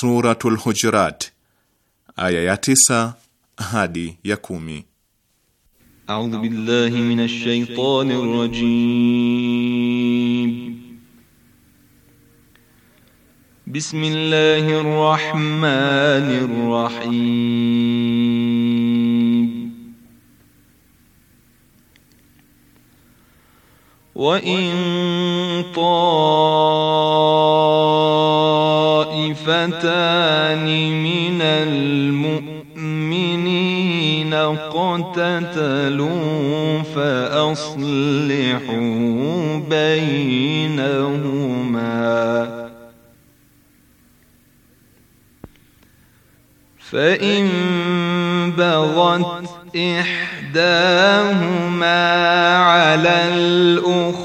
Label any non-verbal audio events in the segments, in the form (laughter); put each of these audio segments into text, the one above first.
Suratul Hujurat aya ya tisa hadi ya kumi. A'udhu billahi minash shaitani rajim. Bismillahir rahmanir rahim. Wa in فإن بغت إحداهما على الأخرى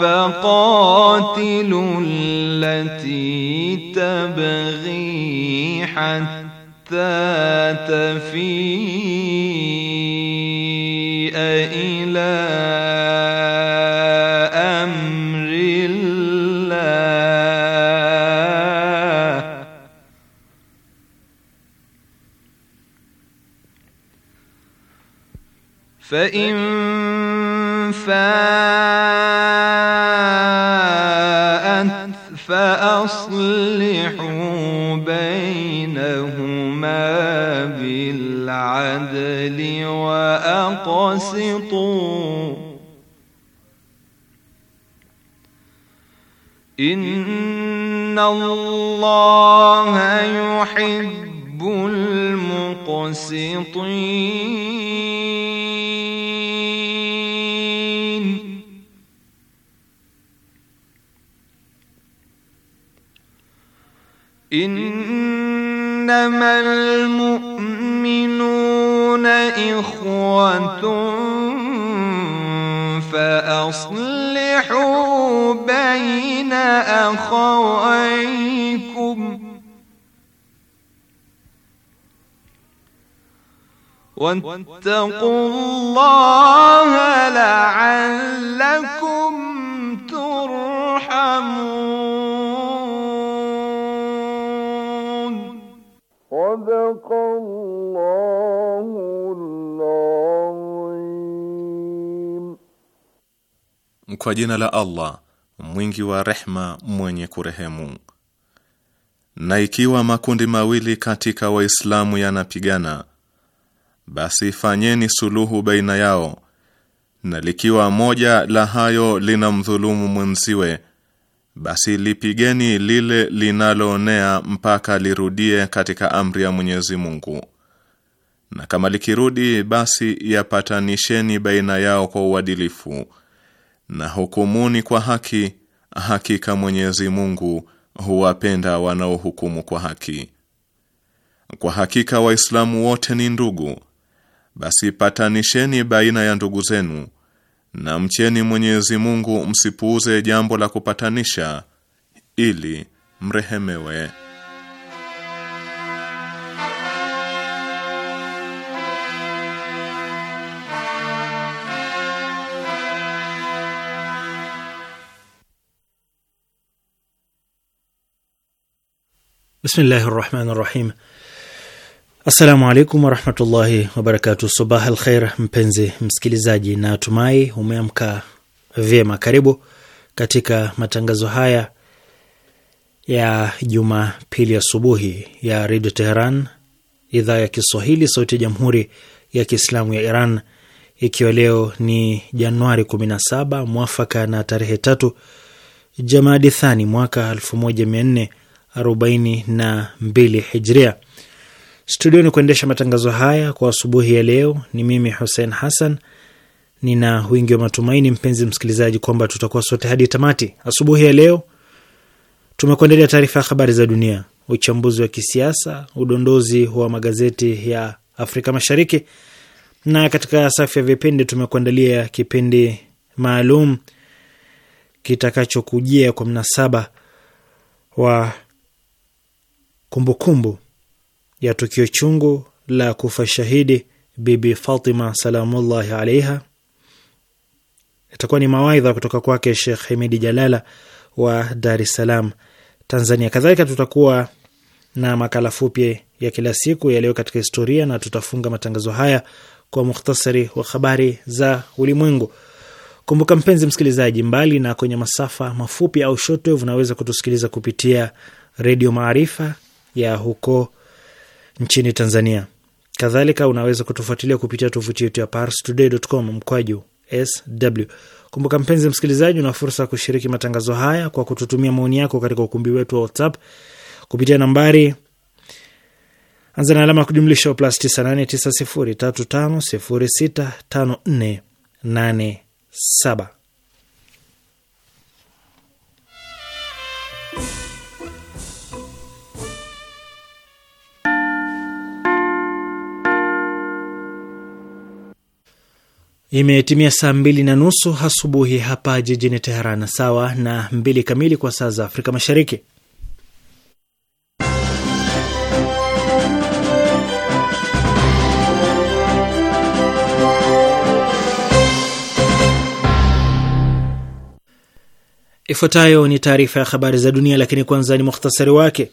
فقاتلوا التي تبغي حتى تفيء فإن فاءت فأصلحوا بينهما بالعدل وأقسطوا إن الله يحب المقسطين إنما المؤمنون إخوة فأصلحوا بين أخويكم واتقوا الله لعلكم Kwa jina la Allah mwingi wa rehma mwenye kurehemu. Na ikiwa makundi mawili katika Waislamu yanapigana, basi fanyeni suluhu baina yao, na likiwa moja la hayo lina mdhulumu mwenziwe basi lipigeni lile linaloonea mpaka lirudie katika amri ya Mwenyezi Mungu, na kama likirudi, basi yapatanisheni baina yao kwa uadilifu na hukumuni kwa haki. Hakika Mwenyezi Mungu huwapenda wanaohukumu kwa haki. Kwa hakika Waislamu wote ni ndugu, basi patanisheni baina ya ndugu zenu na mcheni Mwenyezi Mungu, msipuuze jambo la kupatanisha ili mrehemewe. Bismillahi rahmani rahim. Assalamu alaikum warahmatullahi wabarakatu. Subah al khair, mpenzi msikilizaji, na tumai umeamka vyema. Karibu katika matangazo haya ya Jumapili asubuhi ya Redio Teheran, idhaa ya Kiswahili, sauti ya Jamhuri ya Kiislamu ya Iran, ikiwa leo ni Januari 17 mwafaka na tarehe tatu Jamadi Thani mwaka 1442 Hijria. Studioni kuendesha matangazo haya kwa asubuhi ya leo ni mimi Hussein Hassan. Nina wingi wa matumaini, mpenzi msikilizaji, kwamba tutakuwa sote hadi tamati. Asubuhi ya leo tumekuandalia taarifa ya habari za dunia, uchambuzi wa kisiasa, udondozi wa magazeti ya Afrika Mashariki, na katika safu ya vipindi tumekuandalia kipindi maalum kitakachokujia kwa mnasaba wa kumbukumbu kumbu ya tukio chungu la kufa shahidi Bibi Fatima salamullahi alaiha. Itakuwa ni mawaidha kutoka kwake Sheikh Hemidi Jalala wa Dar es Salaam, Tanzania. Kadhalika tutakuwa na makala fupi ya kila siku ya leo katika historia, na tutafunga matangazo haya kwa mukhtasari wa habari za ulimwengu. Kumbuka mpenzi msikilizaji, mbali na kwenye masafa mafupi au shortwave, unaweza kutusikiliza kupitia Redio Maarifa ya huko nchini Tanzania. Kadhalika unaweza kutufuatilia kupitia tovuti yetu ya parstoday.com mkwaju sw. Kumbuka mpenzi msikilizaji, una fursa ya kushiriki matangazo haya kwa kututumia maoni yako katika ukumbi wetu wa WhatsApp kupitia nambari anza na alama ya kujumlisha plus 989035065487. Imetimia saa mbili na nusu asubuhi hapa jijini Teheran, sawa na mbili kamili kwa saa za Afrika Mashariki. Ifuatayo ni taarifa ya habari za dunia, lakini kwanza ni muhtasari wake.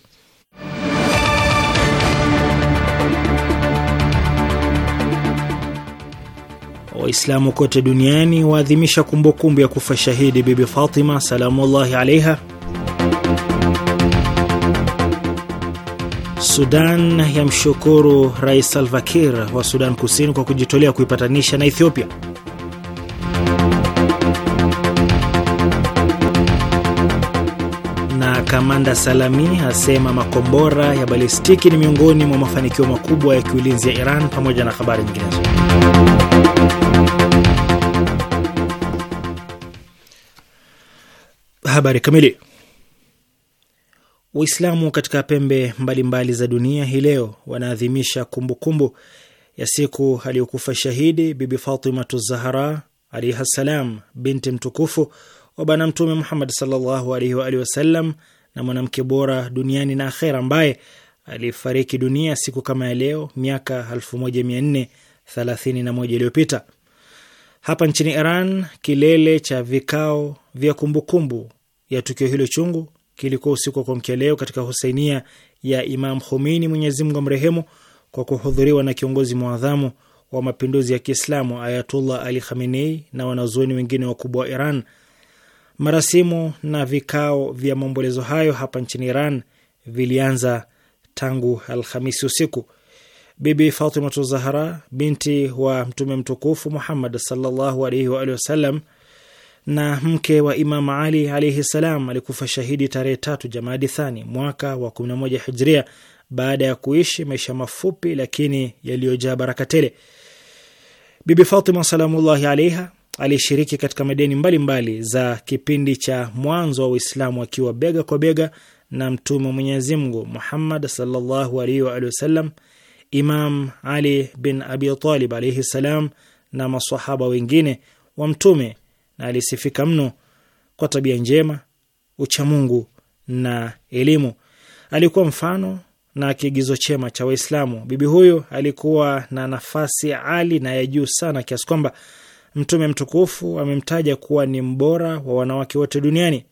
Waislamu kote duniani waadhimisha kumbukumbu ya kufa shahidi Bibi Fatima salamullahi alaiha. Sudan yamshukuru Rais Salva Kiir wa Sudan Kusini kwa kujitolea kuipatanisha na Ethiopia. Na kamanda Salami asema makombora ya balistiki ni miongoni mwa mafanikio makubwa ya kiulinzi ya Iran pamoja na habari nyinginezo. Habari kamili. Waislamu katika pembe mbalimbali mbali za dunia hii leo wanaadhimisha kumbukumbu ya siku aliyokufa shahidi Bibi Fatimatu Zahara alaihi ssalam binti mtukufu wa Bwana Mtume Muhammad sallallahu alaihi wa alihi wasallam, na mwanamke bora duniani na akhera, ambaye alifariki dunia siku kama ya leo miaka 1431 iliyopita. Hapa nchini Iran, kilele cha vikao vya kumbukumbu ya tukio hilo chungu kilikuwa usiku wa kuamkia leo katika husainia ya Imam Khomeini, Mwenyezi Mungu amrehemu, kwa kuhudhuriwa na kiongozi mwadhamu wa mapinduzi ya Kiislamu Ayatullah Ali Khamenei na wanazuoni wengine wakubwa wa Iran. Marasimu na vikao vya maombolezo hayo hapa nchini Iran vilianza tangu Alhamisi usiku. Bibi Fatimatu Zahara binti wa Mtume mtukufu Muhammad sallallahu alaihi wa alihi wasallam na mke wa Imam Ali alaihi salam alikufa shahidi tarehe tatu Jamadi Thani mwaka wa 11 Hijria, baada ya kuishi maisha mafupi lakini yaliyojaa baraka tele. Bibi Fatima salamullahi alaiha alishiriki katika madeni mbalimbali mbali za kipindi cha mwanzo wa Uislamu akiwa bega kwa bega na Mtume wa Mwenyezi Mungu Muhammad sallallahu alaihi wa alihi wasallam, Imam Ali bin Abi Talib alaihi salam na masahaba wengine wa Mtume na alisifika mno kwa tabia njema, uchamungu na elimu. Alikuwa mfano na kiigizo chema cha Waislamu. Bibi huyu alikuwa na nafasi ali na ya juu sana kiasi kwamba Mtume mtukufu amemtaja kuwa ni mbora wa wanawake wote duniani.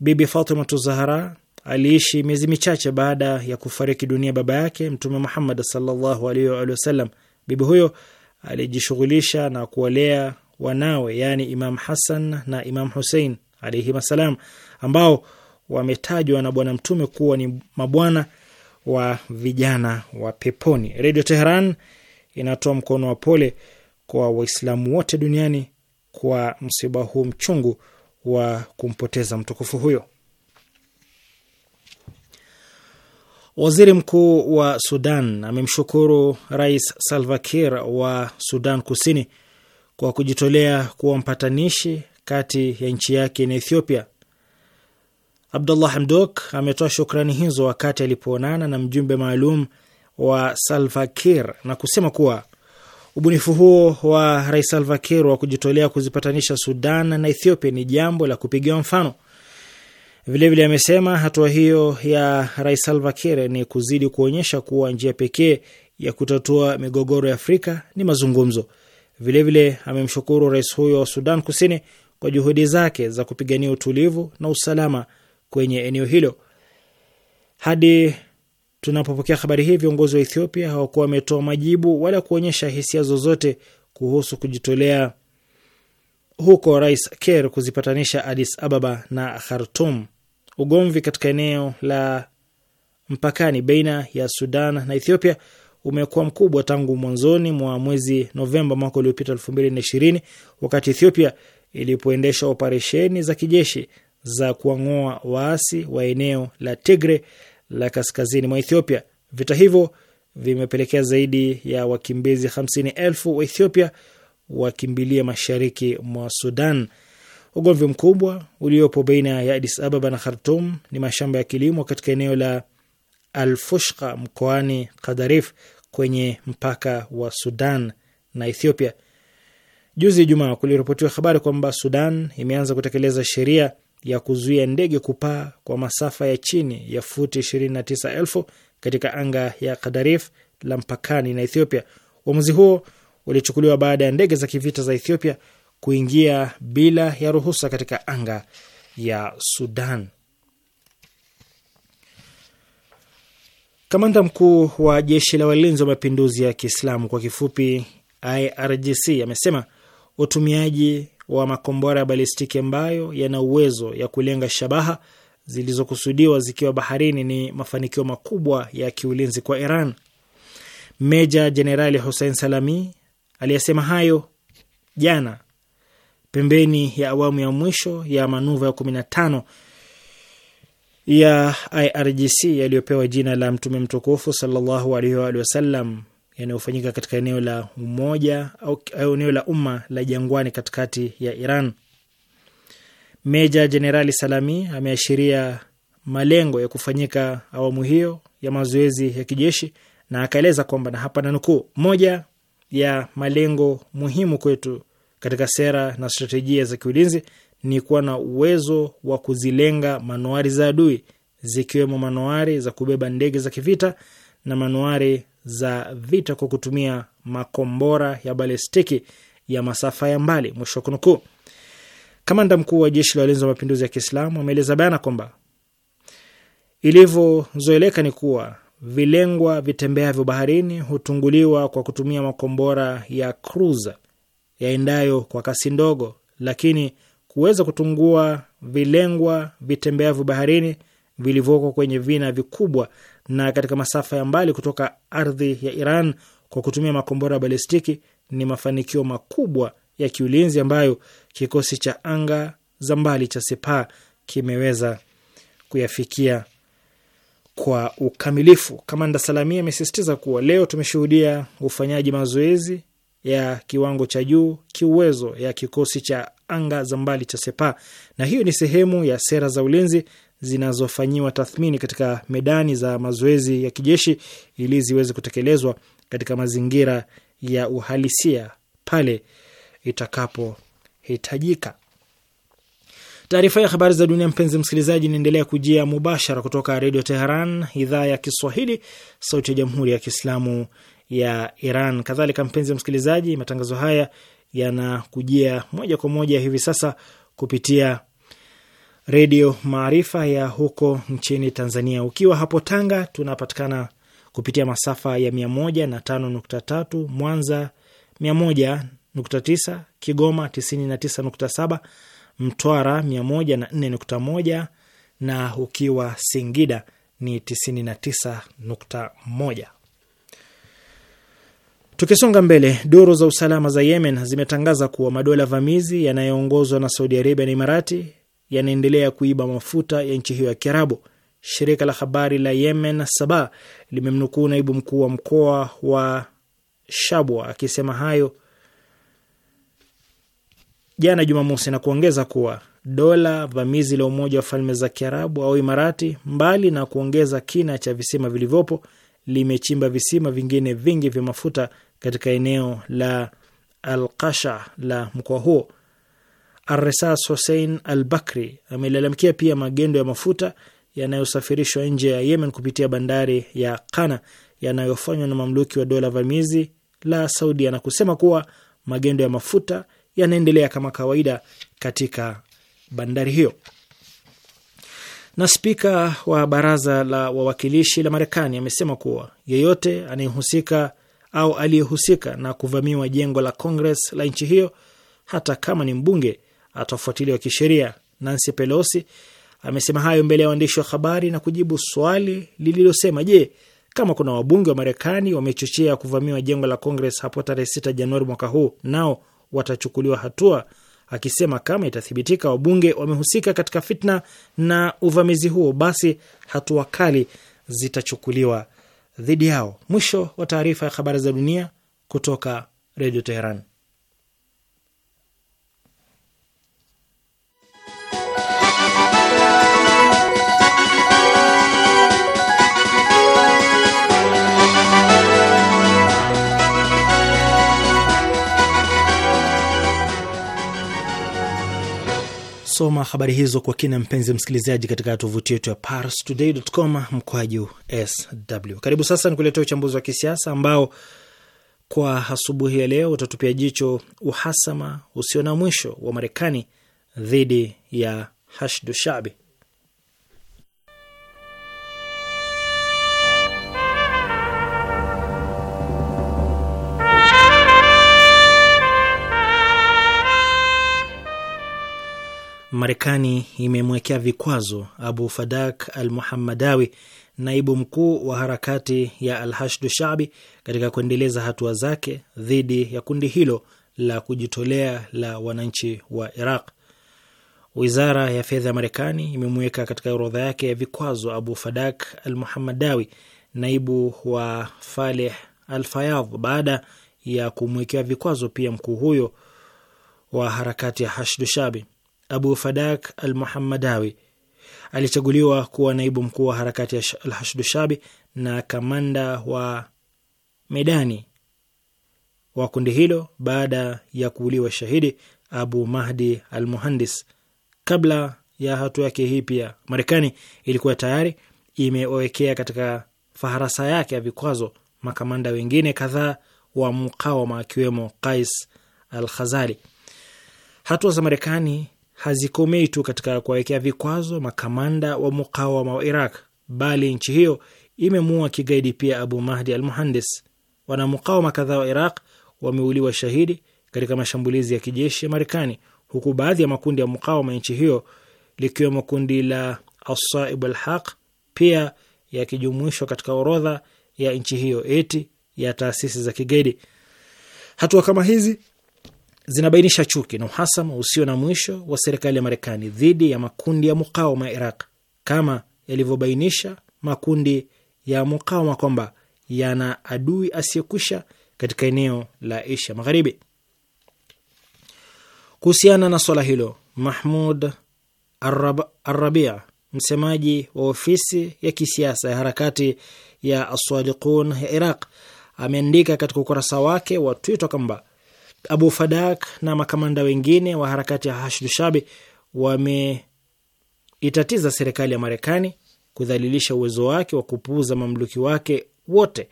Bibi Fatimatu Zahara aliishi miezi michache baada ya kufariki dunia baba yake Mtume Muhammad sallallahu alaihi wa sallam. Bibi huyo alijishughulisha na kuwalea wanawe, yaani Imam Hasan na Imam Husein alaihim assalam, ambao wametajwa na Bwana Mtume kuwa ni mabwana wa vijana wa peponi. Redio Teheran inatoa mkono wa pole kwa Waislamu wote duniani kwa msiba huu mchungu wa kumpoteza mtukufu huyo. Waziri mkuu wa Sudan amemshukuru Rais Salva Kiir wa Sudan Kusini kwa kujitolea kuwa mpatanishi kati ya nchi yake na Ethiopia. Abdullah Hamdok ametoa shukrani hizo wakati alipoonana na mjumbe maalum wa Salva Kiir na kusema kuwa ubunifu huo wa Rais Salva Kiir wa kujitolea kuzipatanisha Sudan na Ethiopia ni jambo la kupigiwa mfano. Vilevile amesema hatua hiyo ya Rais Salva Kiir ni kuzidi kuonyesha kuwa njia pekee ya kutatua migogoro ya Afrika ni mazungumzo. Vilevile amemshukuru rais huyo wa Sudan Kusini kwa juhudi zake za kupigania utulivu na usalama kwenye eneo hilo. Hadi tunapopokea habari hii, viongozi wa Ethiopia hawakuwa wametoa majibu wala kuonyesha hisia zozote kuhusu kujitolea huko Rais Kerr kuzipatanisha Addis Ababa na Khartoum. Ugomvi katika eneo la mpakani baina ya Sudan na Ethiopia umekuwa mkubwa tangu mwanzoni mwa mwezi Novemba mwaka uliopita 220 wakati Ethiopia ilipoendesha operesheni za kijeshi za kuang'oa waasi wa eneo la Tigre la kaskazini mwa Ethiopia. Vita hivyo vimepelekea zaidi ya wakimbizi hamsini elfu wa Ethiopia wakimbilia mashariki mwa Sudan. Ugomvi mkubwa uliopo baina ya adis Ababa na Khartum ni mashamba ya kilimo katika eneo la Alfushka mkoani Kadarif kwenye mpaka wa Sudan na Ethiopia. Juzi Ijumaa kuliripotiwa habari kwamba Sudan imeanza kutekeleza sheria ya kuzuia ndege kupaa kwa masafa ya chini ya futi 29,000 katika anga ya Kadarif la mpakani na Ethiopia. Uamuzi huo ulichukuliwa baada ya ndege za kivita za Ethiopia kuingia bila ya ruhusa katika anga ya Sudan. Kamanda mkuu wa jeshi la walinzi wa mapinduzi ya Kiislamu kwa kifupi IRGC amesema utumiaji wa makombora ya balistiki ambayo yana uwezo ya kulenga shabaha zilizokusudiwa zikiwa baharini ni mafanikio makubwa ya kiulinzi kwa Iran. Meja Jenerali Hussein Salami aliyesema hayo jana pembeni ya awamu ya mwisho ya manuva ya 15 ya IRGC yaliyopewa jina la Mtume mtukufu sallallahu alaihi wa yanayofanyika katika eneo la umoja au eneo la umma la jangwani katikati ya Iran. Meja Jenerali Salami ameashiria malengo ya kufanyika awamu hiyo ya mazoezi ya kijeshi na akaeleza kwamba, na hapa nanukuu, moja ya malengo muhimu kwetu katika sera na stratejia za kiulinzi ni kuwa na uwezo wa kuzilenga manuari za adui zikiwemo manuari za kubeba ndege za kivita na manuari za vita kwa kutumia makombora ya balestiki ya masafa ya mbali. Mwisho wa kunukuu. Kamanda mkuu wa jeshi la walinzi wa mapinduzi ya Kiislamu ameeleza bayana kwamba ilivyozoeleka ni kuwa vilengwa vitembeavyo baharini hutunguliwa kwa kutumia makombora ya cruiser yaendayo kwa kasi ndogo, lakini kuweza kutungua vilengwa vitembeavyo baharini vilivyoko kwenye vina vikubwa na katika masafa ya mbali kutoka ardhi ya Iran kwa kutumia makombora ya balistiki ni mafanikio makubwa ya kiulinzi ambayo kikosi cha anga za mbali cha Sepa kimeweza kuyafikia kwa ukamilifu. Kamanda Salami amesisitiza kuwa leo tumeshuhudia ufanyaji mazoezi ya kiwango cha juu kiuwezo ya kikosi cha anga za mbali cha Sepa, na hiyo ni sehemu ya sera za ulinzi zinazofanyiwa tathmini katika medani za mazoezi ya kijeshi ili ziweze kutekelezwa katika mazingira ya uhalisia pale itakapohitajika. Taarifa ya habari za dunia, mpenzi msikilizaji, inaendelea kujia mubashara kutoka Redio Teheran, idhaa ya Kiswahili, sauti ya jamhuri ya kiislamu ya Iran. Kadhalika mpenzi msikilizaji, matangazo haya yanakujia moja kwa moja hivi sasa kupitia Redio Maarifa ya huko nchini Tanzania. Ukiwa hapo Tanga tunapatikana kupitia masafa ya mia moja na tano nukta tatu, Mwanza mia moja nukta tisa, Kigoma tisini na tisa nukta saba, Mtwara mia moja na nne nukta moja na ukiwa Singida ni tisini na tisa nukta moja. Tukisonga mbele, duru za usalama za Yemen zimetangaza kuwa madola vamizi yanayoongozwa na Saudi Arabia na Imarati yanaendelea kuiba mafuta ya nchi hiyo ya Kiarabu. Shirika la habari la Yemen Saba limemnukuu naibu mkuu wa mkoa wa Shabwa akisema hayo jana Jumamosi na kuongeza kuwa dola vamizi la Umoja wa Falme za Kiarabu au Imarati, mbali na kuongeza kina cha visima vilivyopo, limechimba visima vingine vingi vya mafuta katika eneo la Alqasha la mkoa huo. Arresas Hussein Al Bakri amelalamikia pia magendo ya mafuta yanayosafirishwa nje ya Yemen kupitia bandari ya Kana yanayofanywa na mamluki wa dola vamizi la Saudia na kusema kuwa magendo ya mafuta yanaendelea kama kawaida katika bandari hiyo. Na spika wa baraza la wawakilishi la Marekani amesema kuwa yeyote anayehusika au aliyehusika na kuvamiwa jengo la Congress la nchi hiyo, hata kama ni mbunge, atafuatiliwa kisheria. Nancy Pelosi amesema hayo mbele ya waandishi wa habari na kujibu swali lililosema, je, kama kuna wabunge wa Marekani wamechochea kuvamiwa jengo la Congress hapo tarehe 6 Januari mwaka huu, nao watachukuliwa hatua akisema kama itathibitika wabunge wamehusika katika fitna na uvamizi huo, basi hatua kali zitachukuliwa dhidi yao. Mwisho wa taarifa ya habari za dunia kutoka Redio Teheran. Soma habari hizo kwa kina, mpenzi msikilizaji, katika tovuti yetu ya parstoday.com mkoaji sw. Karibu sasa ni kuletea uchambuzi wa kisiasa ambao kwa asubuhi ya leo utatupia jicho uhasama usio na mwisho wa Marekani dhidi ya Hashdu Shabi. Marekani imemwekea vikwazo Abu Fadak al Muhammadawi, naibu mkuu wa harakati ya al hashdu Shabi, katika kuendeleza hatua zake dhidi ya kundi hilo la kujitolea la wananchi wa Iraq. Wizara ya fedha ya Marekani imemweka katika orodha yake ya vikwazo Abu Fadak al Muhammadawi, naibu wa Faleh al Fayadh, baada ya kumwekea vikwazo pia mkuu huyo wa harakati ya Hashdu Shabi. Abu Fadak al Muhammadawi alichaguliwa kuwa naibu mkuu wa harakati ya al Hashdu Shabi na kamanda wa medani wa kundi hilo baada ya kuuliwa shahidi Abu Mahdi al Muhandis. Kabla ya hatua yake hii, pia Marekani ilikuwa tayari imewekea katika faharasa yake ya vikwazo makamanda wengine kadhaa wa mukawama akiwemo kais al Khazali. Hatua za Marekani hazikomei tu katika kuwawekea vikwazo makamanda wa mukawama wa Iraq, bali nchi hiyo imemuua kigaidi pia Abu Mahdi al Muhandis. Wanamukawama kadhaa wa Iraq wameuliwa shahidi katika mashambulizi ya kijeshi ya Marekani, huku baadhi ya makundi ya mukawama ya nchi hiyo likiwemo kundi la Asaib al Haq pia yakijumuishwa katika orodha ya nchi hiyo eti ya taasisi za kigaidi. Hatua kama hizi zinabainisha chuki na uhasama usio na mwisho wa serikali ya Marekani dhidi ya makundi ya mukawama ya Iraq kama yalivyobainisha makundi ya mukawama kwamba yana adui asiyekwisha katika eneo la Asia Magharibi. Kuhusiana na swala hilo, Mahmud Arrabia, msemaji wa ofisi ya kisiasa ya harakati ya Aswadiqun ya Iraq, ameandika katika ukurasa wake wa Twitter kwamba Abu Fadak na makamanda wengine wa harakati ya Hashdu Shabi wameitatiza serikali ya Marekani kudhalilisha uwezo wake wa kupuuza mamluki wake wote.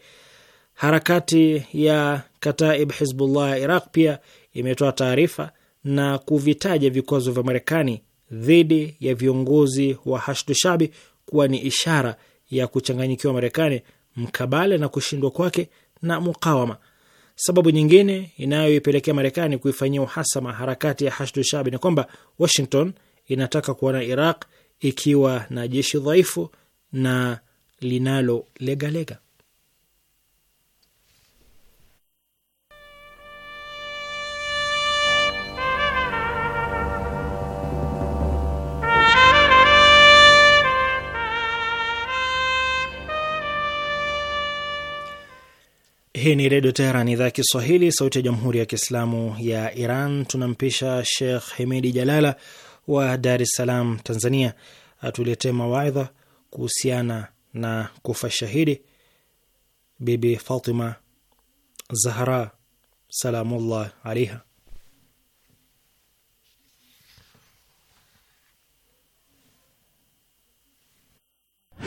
Harakati ya Kataib Hizbullah ya Iraq pia imetoa taarifa na kuvitaja vikwazo vya Marekani dhidi ya viongozi wa Hashdu Shabi kuwa ni ishara ya kuchanganyikiwa Marekani mkabala na kushindwa kwake na mukawama. Sababu nyingine inayoipelekea Marekani kuifanyia uhasama harakati ya Hashdu Shabi ni kwamba Washington inataka kuona Iraq ikiwa na jeshi dhaifu na linalolegalega. Hii ni Redio Teheran, idhaa ya Kiswahili, sauti ya Jamhuri ya Kiislamu ya Iran. Tunampisha shekh Hemedi Jalala wa Dar es Salaam, Tanzania, atuletee mawaidha kuhusiana na kufa shahidi Bibi Fatima Zahra salamullah alaiha.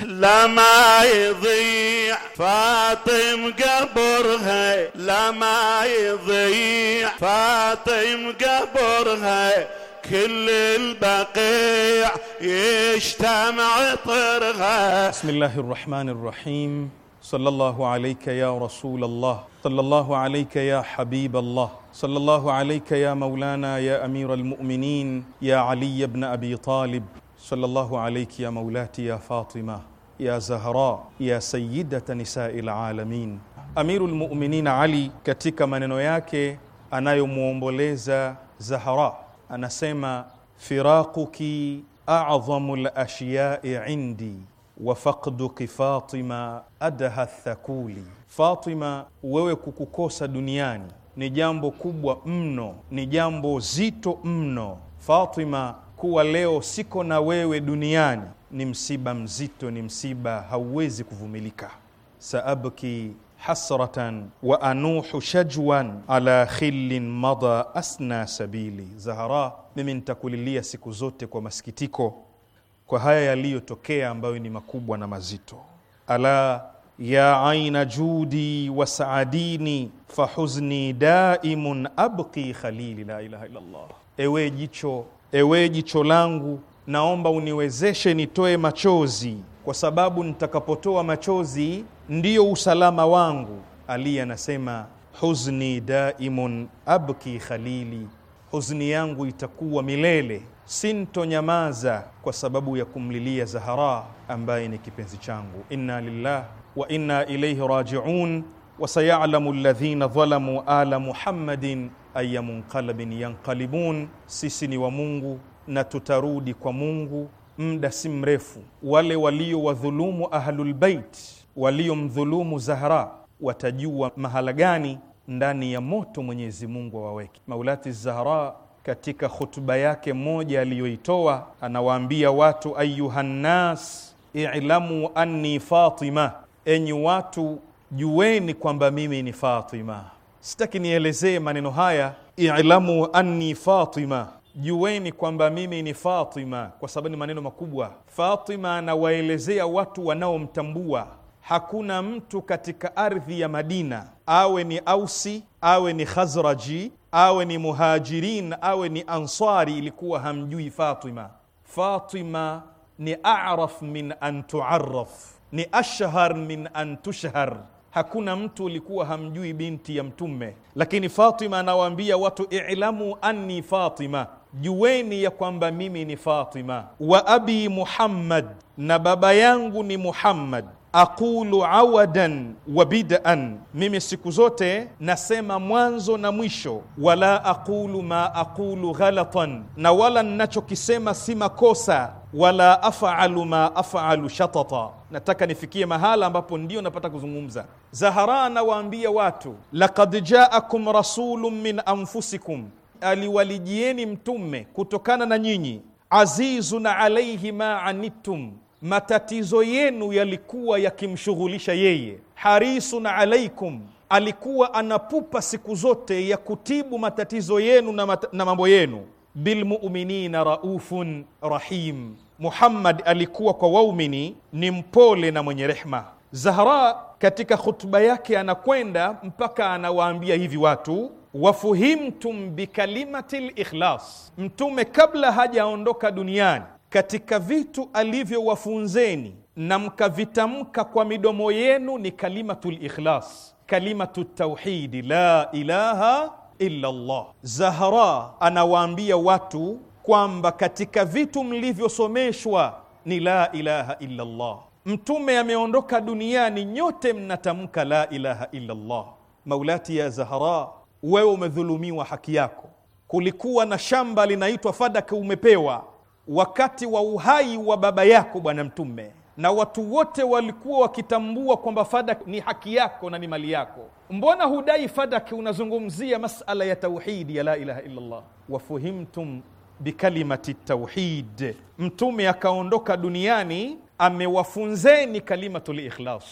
لا ما يضيع فاطم قبرها لا ما يضيع فاطم قبرها كل البقيع يجتمع طرها بسم الله الرحمن الرحيم صلى الله عليك يا رسول الله صلى الله عليك يا حبيب الله صلى الله عليك يا مولانا يا امير المؤمنين يا علي بن ابي طالب sallallahu alayki ya maulati ya Fatima ya Zahra ya sayyidata nisai lalamin. Amiru lmuminin Ali katika maneno yake anayomwomboleza Zahra anasema, firaquki a'dhamu lashyai indi wa faqduki Fatima adha thakuli. Fatima, wewe kukukosa duniani ni jambo kubwa mno, ni jambo zito mno. Fatima kuwa leo siko na wewe duniani ni msiba mzito, ni msiba hauwezi kuvumilika. saabki hasratan wa anuhu shajwan ala khillin madha asna sabili Zahara, mimi nitakulilia siku zote kwa masikitiko kwa haya yaliyotokea ambayo ni makubwa na mazito. ala ya aina judi wa saadini fahuzni daimun abki khalili la ilaha illallah. Ewe jicho ewe jicho langu, naomba uniwezeshe nitoe machozi, kwa sababu nitakapotoa machozi ndiyo usalama wangu. Ali anasema huzni daimun abki khalili, huzni yangu itakuwa milele, sintonyamaza kwa sababu ya kumlilia Zahara ambaye ni kipenzi changu. Inna lillah wa inna ilaihi rajiun, wa sayalamu ladhina dhalamu ala muhammadin aya munqalabin yanqalibun, sisi ni wa Mungu na tutarudi kwa Mungu muda si mrefu. Wale walio wadhulumu ahlulbeit, waliomdhulumu Zahra watajua mahala gani ndani ya moto Mwenyezi Mungu awaweke. Maulati Zahra katika khutuba yake moja aliyoitoa anawaambia watu, ayuhannas ilamu anni Fatima, enyi watu jueni kwamba mimi ni Fatima sitaki nielezee maneno haya, ilamu anni Fatima, jueni kwamba mimi ni Fatima, kwa sababu ni maneno makubwa. Fatima anawaelezea watu wanaomtambua. Hakuna mtu katika ardhi ya Madina, awe ni Ausi, awe ni Khazraji, awe ni Muhajirin, awe ni Ansari, ilikuwa hamjui Fatima. Fatima ni araf min an tuaraf, ni ashhar min an tushhar hakuna mtu ulikuwa hamjui binti ya Mtume, lakini Fatima anawaambia watu ilamu anni Fatima, juweni ya kwamba mimi ni Fatima wa abi Muhammad, na baba yangu ni Muhammad aqulu awadan wa bid'an, mimi siku zote nasema mwanzo na mwisho. Wala aqulu ma aqulu ghalatan, na wala ninachokisema si makosa. Wala afalu ma afalu shatata, nataka nifikie mahala ambapo ndio napata kuzungumza. Zahara anawaambia watu, laqad jaakum rasulun min anfusikum, aliwalijieni mtume kutokana na nyinyi, azizun alaihi ma anittum matatizo yenu yalikuwa yakimshughulisha yeye. Harisun alaikum, alikuwa anapupa siku zote ya kutibu matatizo yenu na, mat na mambo yenu. Bilmuminina raufun rahim, Muhammad alikuwa kwa waumini ni mpole na mwenye rehma. Zahra katika khutba yake anakwenda mpaka anawaambia hivi watu wafuhimtum bikalimati likhlas. Mtume kabla hajaondoka duniani katika vitu alivyowafunzeni na mkavitamka kwa midomo yenu ni kalimatu likhlas kalimatu tauhidi, la ilaha illa Allah. Zahara anawaambia watu kwamba katika vitu mlivyosomeshwa ni la ilaha illa Allah. Mtume ameondoka duniani, nyote mnatamka la ilaha illa Allah. Maulati ya Zahara, wewe umedhulumiwa haki yako. Kulikuwa na shamba linaitwa Fadak, umepewa wakati wa uhai wa baba yako Bwana Mtume, na watu wote walikuwa wakitambua kwamba fadak ni haki yako na ni mali yako. Mbona hudai fadak? Unazungumzia masala ya tauhidi ya la ilaha illallah. Wafuhimtum bikalimati tauhid, Mtume akaondoka duniani amewafunzeni kalimatu likhlas,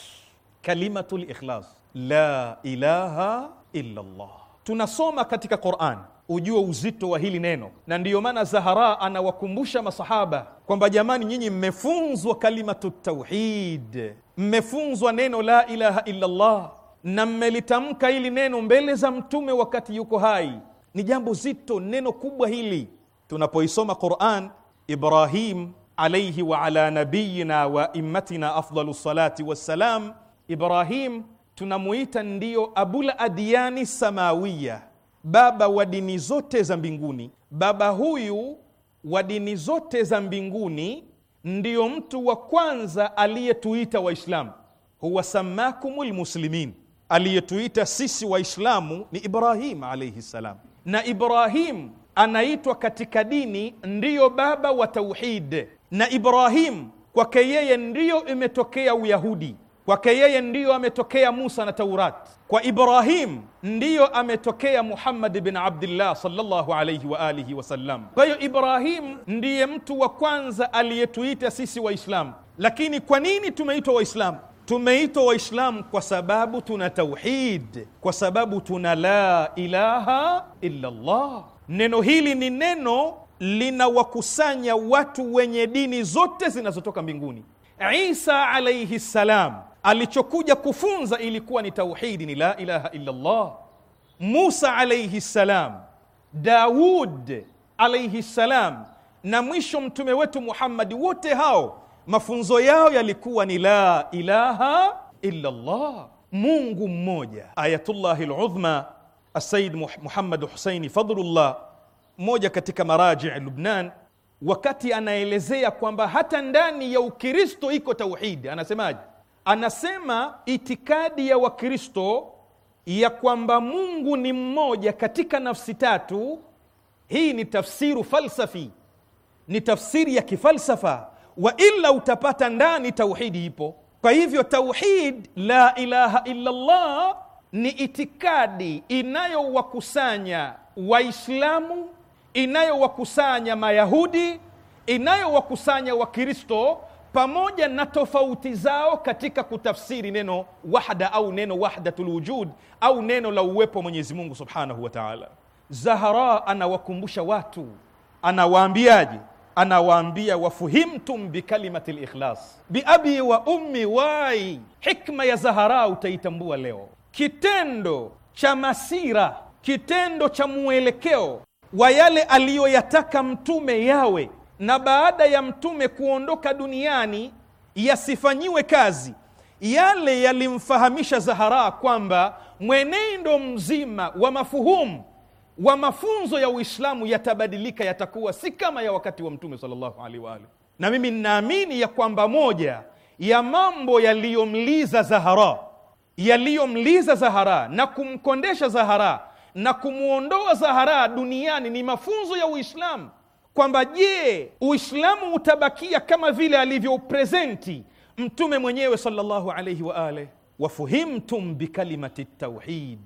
kalimatu likhlas, la ilaha illallah. Tunasoma katika qurani ujue uzito wa hili neno, na ndiyo maana Zahara anawakumbusha masahaba kwamba jamani, nyinyi mmefunzwa kalimatu tauhid, mmefunzwa neno la ilaha illa Allah, na mmelitamka hili neno mbele za mtume wakati yuko hai. Ni jambo zito, neno kubwa hili. Tunapoisoma Quran, Ibrahim alaihi wa ala nabiyina wa immatina afdalu salati wassalam, Ibrahim tunamuita ndiyo abul adiyani samawiya baba wa dini zote za mbinguni. Baba huyu wa dini zote za mbinguni ndiyo mtu wa kwanza aliyetuita Waislamu, huwa samakum lmuslimin, aliyetuita sisi Waislamu ni Ibrahim alaihi ssalam, na Ibrahim anaitwa katika dini ndiyo baba wa tauhid, na Ibrahim kwake yeye ndiyo imetokea Uyahudi Kwake yeye ndiyo ametokea Musa na Taurat. Kwa Ibrahim ndiyo ametokea Muhammad bin Abdillah sallallahu alayhi wa alihi wasallam. Kwa hiyo Ibrahim ndiye mtu wa kwanza aliyetuita sisi Waislamu. Lakini kwa nini tumeitwa Waislamu? Tumeitwa Waislamu kwa sababu tuna tauhid, kwa sababu tuna la ilaha illa Allah. Neno hili ni neno linawakusanya watu wenye dini zote zinazotoka mbinguni. Isa alaihi ssalam alichokuja kufunza ilikuwa ni tauhidi, ni la ilaha illa Allah. Musa alaihi salam Daud alaihi salam na mwisho mtume wetu Muhammadi, wote hao mafunzo yao yalikuwa ni la ilaha illa llah, Mungu mmoja. Ayatullahi ludhma Asayid Muhammad Husaini Fadhlullah, mmoja katika marajii Lubnan, wakati anaelezea kwamba hata ndani ya Ukristo iko tauhidi, anasemaje? anasema itikadi ya Wakristo ya kwamba Mungu ni mmoja katika nafsi tatu. Hii ni tafsiru falsafi, ni tafsiri ya kifalsafa, wa ila utapata ndani tauhidi ipo. Kwa hivyo tauhid, la ilaha illa llah, ni itikadi inayowakusanya Waislamu, inayowakusanya Mayahudi, inayowakusanya Wakristo pamoja na tofauti zao katika kutafsiri neno wahda au neno wahdatul wujud au neno la uwepo wa Mwenyezi Mungu Subhanahu wa Ta'ala. Zahara anawakumbusha watu, anawaambiaje? Anawaambia, wafuhimtum bikalimati likhlas biabi wa ummi wai. Hikma ya Zahara utaitambua leo. Kitendo cha masira, kitendo cha mwelekeo wa yale aliyoyataka mtume yawe na baada ya mtume kuondoka duniani yasifanyiwe kazi yale yalimfahamisha Zahara kwamba mwenendo mzima wa mafuhumu wa mafunzo ya Uislamu yatabadilika, yatakuwa si kama ya wakati wa Mtume sallallahu alaihi wa alihi. Na mimi ninaamini ya kwamba moja ya mambo yaliyomliza Zahara, yaliyomliza Zahara na kumkondesha Zahara na kumwondoa Zahara duniani ni mafunzo ya Uislamu kwamba je, Uislamu utabakia kama vile alivyouprezenti Mtume mwenyewe sallallahu alaihi wa ale Wafuhimtum bikalimati tauhid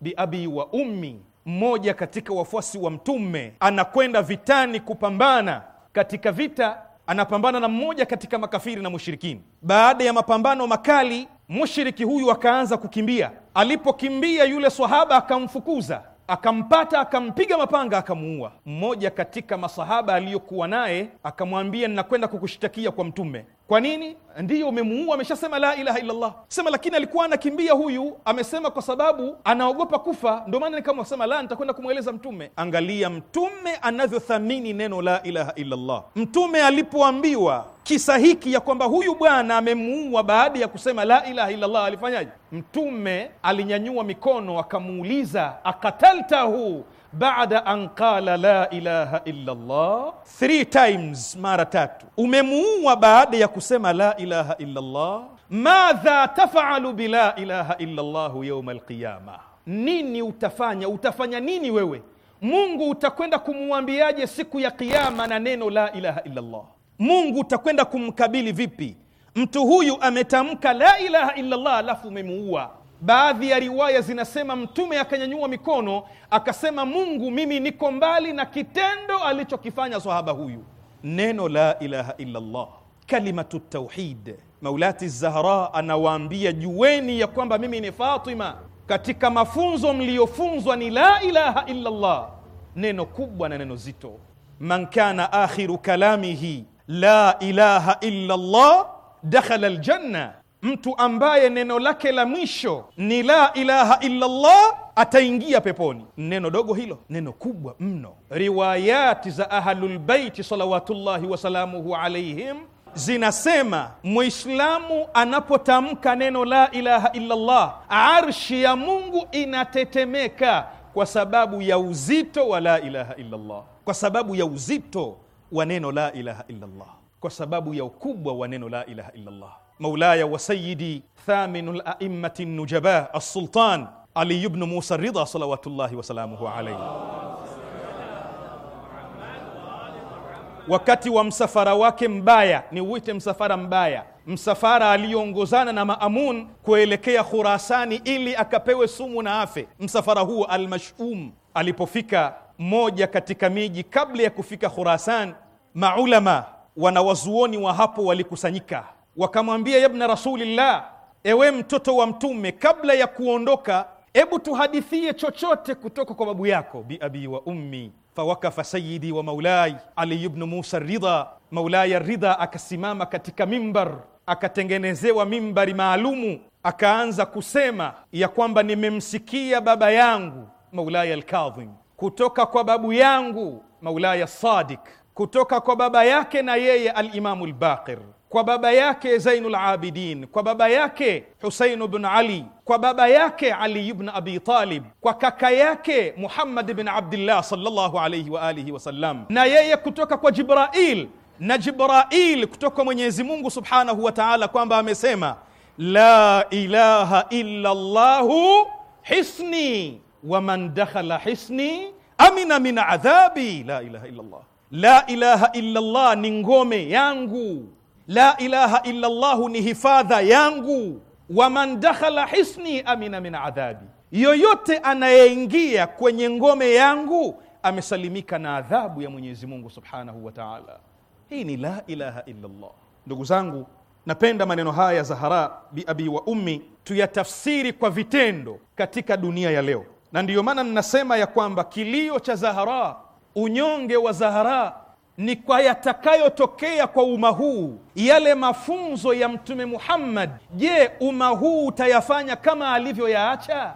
biabi wa ummi. Mmoja katika wafuasi wa Mtume anakwenda vitani kupambana katika vita, anapambana na mmoja katika makafiri na mushirikini. Baada ya mapambano makali, mushiriki huyu akaanza kukimbia. Alipokimbia, yule swahaba akamfukuza akampata akampiga mapanga akamuua. Mmoja katika masahaba aliyokuwa naye akamwambia, ninakwenda kukushtakia kwa Mtume. Kwa nini? Ndiyo, umemuua, ameshasema la ilaha illallah. Sema lakini alikuwa anakimbia huyu, amesema kwa sababu anaogopa kufa, ndio maana nikama sema la, nitakwenda kumweleza Mtume. Angalia mtume anavyothamini neno la ilaha illallah. Mtume alipoambiwa kisa hiki ya kwamba huyu bwana amemuua baada ya kusema la ilaha illallah, alifanyaje? Mtume alinyanyua mikono akamuuliza, akataltahu baada an qala la ilaha illa Allah three times, mara tatu. Umemuua baada ya kusema la ilaha illa Allah. Madha tafalu bi la ilaha illa Allah yauma alqiyama, nini utafanya? Utafanya nini wewe? Mungu utakwenda kumwambiaje siku ya Kiyama na neno la ilaha illa Allah? Mungu utakwenda kumkabili vipi? Mtu huyu ametamka la ilaha illa Allah alafu umemuua Baadhi ya riwaya zinasema Mtume akanyanyua mikono akasema, Mungu mimi niko mbali na kitendo alichokifanya sahaba huyu. Neno la ilaha illa llah kalimatu tauhid. Maulati Zahra anawaambia jueni ya kwamba mimi ni Fatima, katika mafunzo mliyofunzwa ni la ilaha illa Allah, neno kubwa na neno zito. Man kana akhiru kalamihi la ilaha illa llah dakhala ljanna Mtu ambaye neno lake la mwisho ni la ilaha illallah ataingia peponi. Neno dogo hilo, neno kubwa mno. Riwayati za Ahlulbeiti salawatullahi wasalamuhu alaihim zinasema Mwislamu anapotamka neno la ilaha illallah, arshi ya Mungu inatetemeka kwa sababu ya uzito wa la ilaha illallah, kwa sababu ya uzito wa neno la ilaha illallah, kwa sababu ya ukubwa wa neno la ilaha illallah. مولاي وسيدي ثامن الأئمة النجباء السلطان علي بن موسى الرضا صلوات الله وسلامه عليه wakati wa msafara wake mbaya ni uite msafara mbaya msafara aliyoongozana na maamun kuelekea khurasani ili akapewe sumu na afe msafara huo almashum alipofika moja katika miji kabla ya kufika khurasan maulama wanawazuoni wa hapo walikusanyika wakamwambia yabna rasulillah, ewe mtoto wa Mtume, kabla ya kuondoka, hebu tuhadithie chochote kutoka kwa babu yako. biabi wa ummi fawakafa sayidi wa maulai Ali ibn Musa Ridha. Maulaya Ridha akasimama katika mimbar, akatengenezewa mimbari maalumu, akaanza kusema ya kwamba nimemsikia baba yangu Maulaya Alkadhim kutoka kwa babu yangu Maulaya Sadik kutoka kwa baba yake na yeye Alimamu Lbaqir kwa baba yake Zainul Abidin, kwa baba yake Husein bn Ali, kwa baba yake Ali ibn Abi Talib, kwa kaka yake Muhammad ibn Abdillah sallallahu alayhi wa alihi wasallam, na yeye kutoka kwa Jibrail na Jibrail kutoka Mwenyezi Mungu subhanahu wa taala, kwamba amesema la ilaha illa llahu hisni wa man dakhala hisni amina min adhabi. La ilaha illa llah, la ilaha illa llah ni ngome yangu la ilaha illa llahu ni hifadha yangu, wa man dakhala hisni amina min adhabi, yoyote anayeingia kwenye ngome yangu amesalimika na adhabu ya Mwenyezi Mungu subhanahu wa taala. Hii ni la ilaha illa llah. Ndugu zangu, napenda maneno haya ya Zahara bi abi wa ummi tuyatafsiri kwa vitendo katika dunia ya leo, na ndiyo maana ninasema ya kwamba kilio cha Zahara, unyonge wa Zahara ni kwa yatakayotokea kwa umma huu, yale mafunzo ya Mtume Muhammad. Je, umma huu utayafanya kama alivyoyaacha?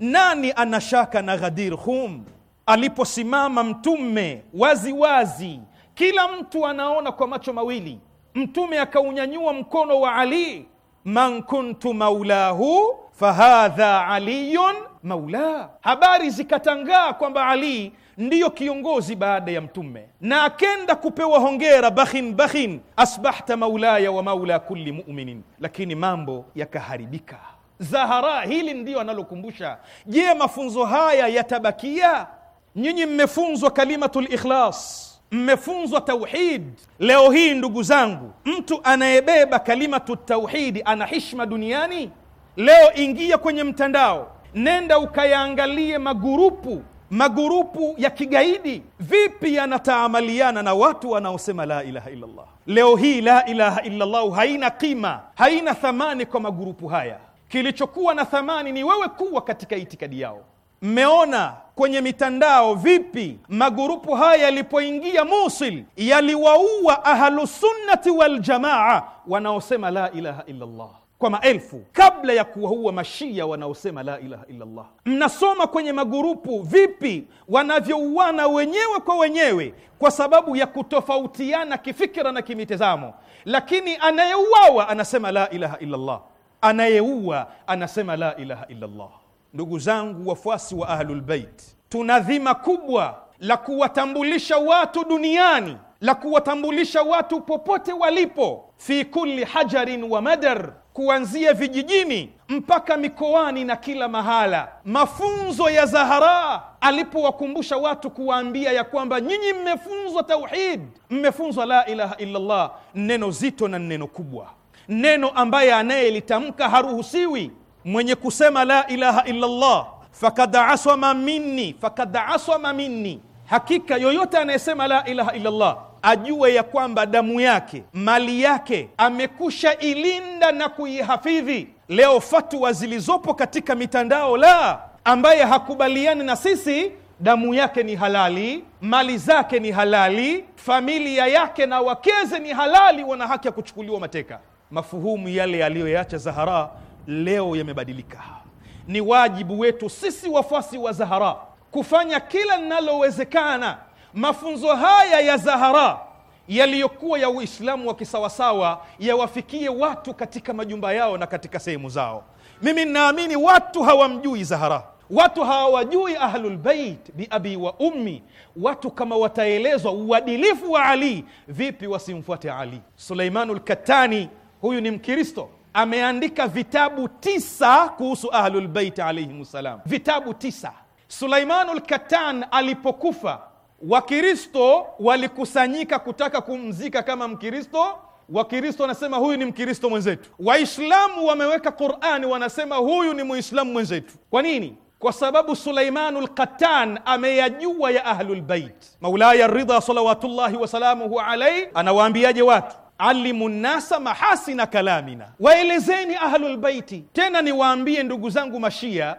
Nani anashaka na Ghadir Hum aliposimama Mtume waziwazi wazi, kila mtu anaona kwa macho mawili, Mtume akaunyanyua mkono wa Ali man kuntu maulahu fahadha aliyun maula. Habari zikatangaa kwamba Ali ndiyo kiongozi baada ya Mtume, na akenda kupewa hongera, bakhin bakhin, asbahta maulaya wa maula kulli muminin. Lakini mambo yakaharibika. Zahara hili ndiyo analokumbusha. Je, mafunzo haya yatabakia? Nyinyi mmefunzwa kalimatu likhlas mmefunzwa tauhid. Leo hii ndugu zangu, mtu anayebeba kalimatu tauhidi ana hishma duniani. Leo ingia kwenye mtandao, nenda ukayaangalie magurupu magurupu ya kigaidi, vipi yanataamaliana na watu wanaosema la ilaha illallah. Leo hii la ilaha illallahu haina qima, haina thamani kwa magurupu haya. Kilichokuwa na thamani ni wewe kuwa katika itikadi yao. Mmeona kwenye mitandao vipi magurupu haya yalipoingia Mosul yaliwaua ahlusunnati waljamaa wanaosema la ilaha illallah kwa maelfu kabla ya kuwaua mashia wanaosema la ilaha illallah. Mnasoma kwenye magurupu vipi wanavyouana wenyewe kwa wenyewe kwa sababu ya kutofautiana kifikira na kimitazamo, lakini anayeuawa anasema la ilaha illallah, anayeua anasema la ilaha illallah Ndugu zangu wafuasi wa Ahlulbeit, tuna dhima kubwa la kuwatambulisha watu duniani, la kuwatambulisha watu popote walipo, fi kulli hajarin wa madar, kuanzia vijijini mpaka mikoani na kila mahala. Mafunzo ya Zahara alipowakumbusha watu kuwaambia ya kwamba nyinyi mmefunzwa tauhid, mmefunzwa la ilaha illallah, neno zito na neno kubwa, neno ambaye anayelitamka haruhusiwi mwenye kusema la ilaha illa Allah fakad aswama minni, fakad aswama minni, hakika yoyote anayesema la ilaha illa Allah ajue ya kwamba damu yake mali yake amekusha ilinda na kuihafidhi. Leo fatwa zilizopo katika mitandao, la ambaye hakubaliani na sisi damu yake ni halali, mali zake ni halali, familia yake na wakeze ni halali, wana haki ya kuchukuliwa mateka. Mafuhumu yale aliyoyaacha Zahara leo yamebadilika. Ni wajibu wetu sisi wafuasi wa Zahara kufanya kila linalowezekana mafunzo haya ya Zahara yaliyokuwa ya Uislamu wa kisawasawa yawafikie watu katika majumba yao na katika sehemu zao. Mimi ninaamini watu hawamjui Zahara, watu hawawajui Ahlulbeit biabi wa ummi. Watu kama wataelezwa uadilifu wa Ali, vipi wasimfuate Ali? Suleimanu Lkatani, huyu ni Mkristo ameandika vitabu tisa kuhusu Ahlulbeit alaihim ssalam, vitabu tisa. Sulaimanu lkatan alipokufa, Wakristo walikusanyika kutaka kumzika kama Mkristo. Wakristo wanasema huyu ni Mkristo mwenzetu, Waislamu wameweka Qurani wanasema huyu ni Muislamu mwenzetu. Kwa nini? Kwa sababu Sulaimanu lkatan ameyajua ya Ahlulbeit. Maulaya Ridha salawatullahi wasalamuhu alaihi anawaambiaje watu alimu nnasa mahasina kalamina, waelezeni ahlulbaiti. Tena niwaambie ndugu zangu Mashia,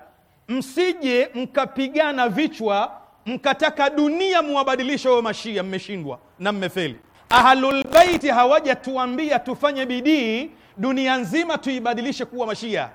msije mkapigana vichwa mkataka dunia muwabadilisha huyo Mashia. Mmeshindwa na mmefeli. Ahlulbaiti hawajatuambia tufanye bidii dunia nzima tuibadilishe kuwa Mashia.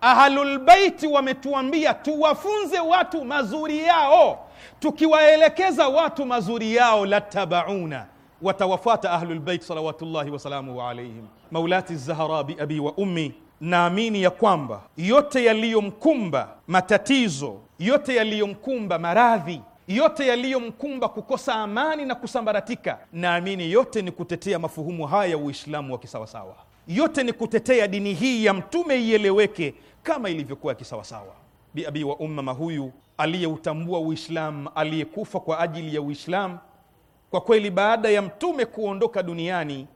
Ahlulbaiti wametuambia tuwafunze watu mazuri yao, tukiwaelekeza watu mazuri yao latabauna watawafuata Ahlulbeit salawatullahi wasalamuhu alaihim. Maulati Zahara bi abi wa ummi, naamini ya kwamba yote yaliyomkumba matatizo, yote yaliyomkumba maradhi, yote yaliyomkumba kukosa amani na kusambaratika, naamini yote ni kutetea mafuhumu haya ya Uislamu wa kisawasawa, yote ni kutetea dini hii ya Mtume ieleweke kama ilivyokuwa ya kisawasawa. Bi abi wa umma huyu aliyeutambua Uislamu, aliyekufa kwa ajili ya Uislamu kwa kweli baada ya mtume kuondoka duniani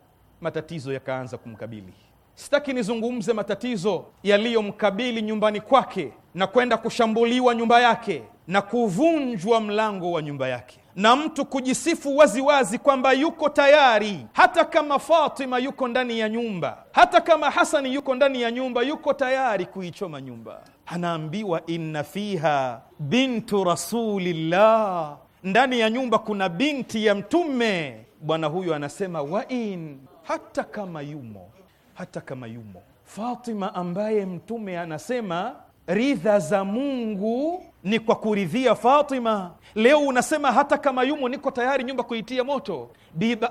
matatizo yakaanza kumkabili. Sitaki nizungumze matatizo yaliyomkabili nyumbani kwake na kwenda kushambuliwa nyumba yake na kuvunjwa mlango wa nyumba yake na mtu kujisifu waziwazi wazi kwamba yuko tayari, hata kama Fatima yuko ndani ya nyumba, hata kama Hasani yuko ndani ya nyumba, yuko tayari kuichoma nyumba. Anaambiwa inna fiha bintu rasulillah ndani ya nyumba kuna binti ya Mtume. Bwana huyu anasema wain, hata kama yumo, hata kama yumo Fatima ambaye Mtume anasema ridha za Mungu ni kwa kuridhia Fatima. Leo unasema hata kama yumo, niko tayari nyumba kuitia moto.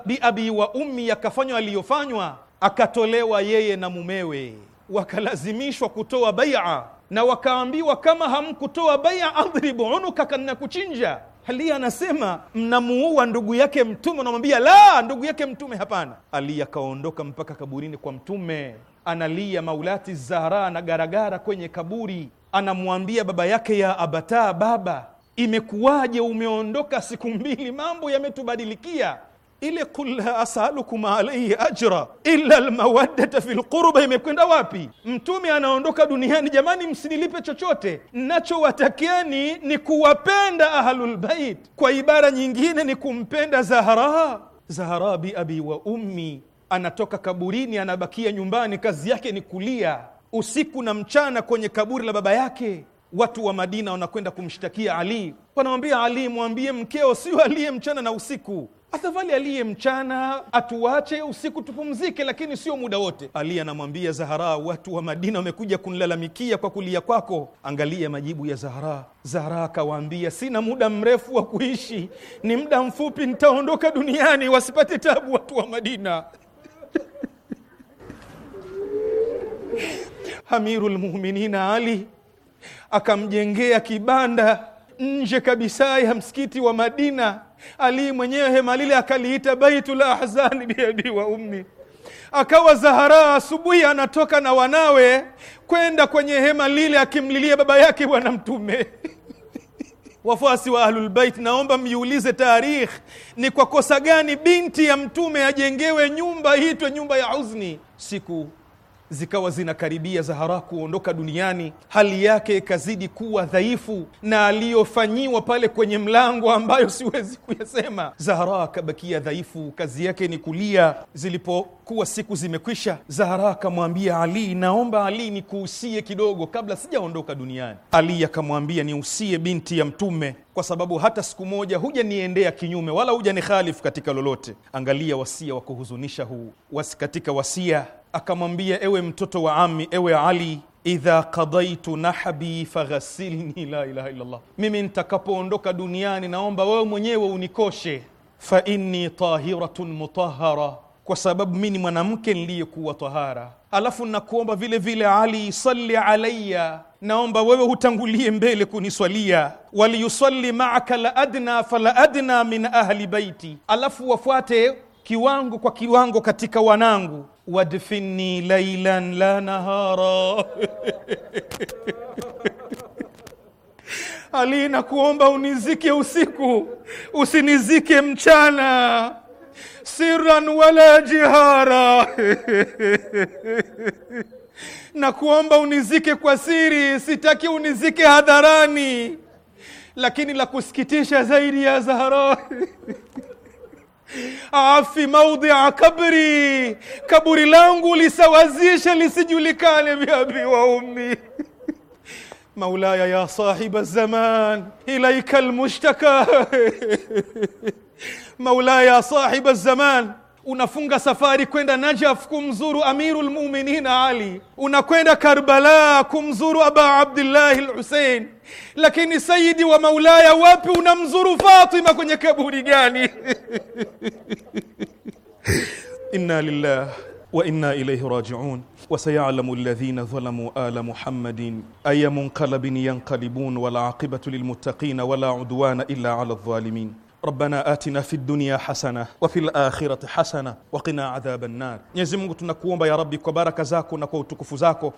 Biabi wa ummi akafanywa aliyofanywa, akatolewa yeye na mumewe, wakalazimishwa kutoa baia, na wakaambiwa kama hamkutoa baia adhribu unuka, kana kuchinja ali anasema mnamuua ndugu yake Mtume, unamwambia la, ndugu yake Mtume hapana. Ali akaondoka mpaka kaburini kwa Mtume, analia Maulati Zahra na garagara kwenye kaburi, anamwambia baba yake, ya abata, baba, imekuwaje umeondoka siku mbili, mambo yametubadilikia ile kul la asalukum alayhi ajra illa lmawaddata fi lqurba imekwenda wapi? Mtume anaondoka duniani, jamani, msinilipe chochote, nachowatakieni ni kuwapenda ahlulbait. Kwa ibara nyingine ni kumpenda Zahra. Zahra bi abi wa ummi, anatoka kaburini, anabakia nyumbani, kazi yake ni kulia usiku na mchana kwenye kaburi la baba yake. Watu wa Madina wanakwenda kumshtakia Ali, wanamwambia Ali, mwambie mkeo sio aliye mchana na usiku Afadhali aliye mchana atuache usiku tupumzike, lakini sio muda wote. Ali anamwambia Zahara, watu wa Madina wamekuja kunlalamikia kwa kulia kwako. Angalia majibu ya Zahara. Zahara akawaambia, sina muda mrefu wa kuishi, ni muda mfupi, nitaondoka duniani, wasipate tabu watu wa Madina. (laughs) Amirul Muminina Ali akamjengea kibanda nje kabisa ya msikiti wa Madina. Ali mwenyewe hema lile akaliita Baitul Ahzani biabi wa ummi akawa Zahara asubuhi anatoka na wanawe kwenda kwenye hema lile akimlilia baba yake Bwana Mtume. (laughs) Wafuasi wa Ahlulbeit, naomba mjiulize, tarikh ni kwa kosa gani binti ya Mtume ajengewe nyumba iitwe nyumba ya huzni siku zikawa zinakaribia Zahara kuondoka duniani, hali yake ikazidi kuwa dhaifu, na aliyofanyiwa pale kwenye mlango ambayo (laughs) siwezi kuyasema. Zahara akabakia dhaifu, kazi yake ni kulia. Zilipokuwa siku zimekwisha, Zahara akamwambia Ali, naomba Ali nikuusie kidogo kabla sijaondoka duniani. Ali akamwambia, niusie binti ya Mtume, kwa sababu hata siku moja hujaniendea kinyume wala hujanihalifu katika lolote. Angalia wasia wa kuhuzunisha huu wasi katika wasia akamwambia, ewe mtoto wa ami, ewe Ali, idha qadaitu nahbi faghasilni. La ilaha illallah, mimi nitakapoondoka duniani naomba wewe mwenyewe unikoshe. Fa inni tahiratun mutahara, kwa sababu mi ni mwanamke niliyekuwa tahara. Alafu nakuomba vile vile, Ali, salli alaya, naomba wewe hutangulie mbele kuniswalia. Waliyusalli maaka la adna fala min ahli baiti, alafu wafuate kiwango kwa kiwango katika wanangu wadfinni lailan la nahara Ali nakuomba unizike usiku usinizike mchana sirran wala jihara nakuomba unizike kwa siri sitaki unizike hadharani lakini la kusikitisha zaidi ya Zahara afi maudhia kabri, kaburi langu lisawazishe lisijulikane biabi wa ummi maulaya ya sahiba zaman ilaika المشتكى maulaya ya sahiba zaman unafunga safari kwenda Najaf kumzuru Amiru lmuminin Ali, unakwenda Karbala kumzuru Aba Abdillahi Lhusein, lakini sayidi wa Maulaya wapi? Unamzuru Fatima kwenye kaburi gani? (laughs) inna lillah wa inna ilaihi rajiun وسيعلم الذين ظلموا آل محمد أي منقلب ينقلبون ولا عاقبة للمتقين ولا عدوان إلا على الظالمين Rabbana atina fid dunya hasana wa fil akhirati hasana wa qina adhaban nar. Mwenyezi Mungu tunakuomba ya Rabbi kwa baraka zako na kwa utukufu zako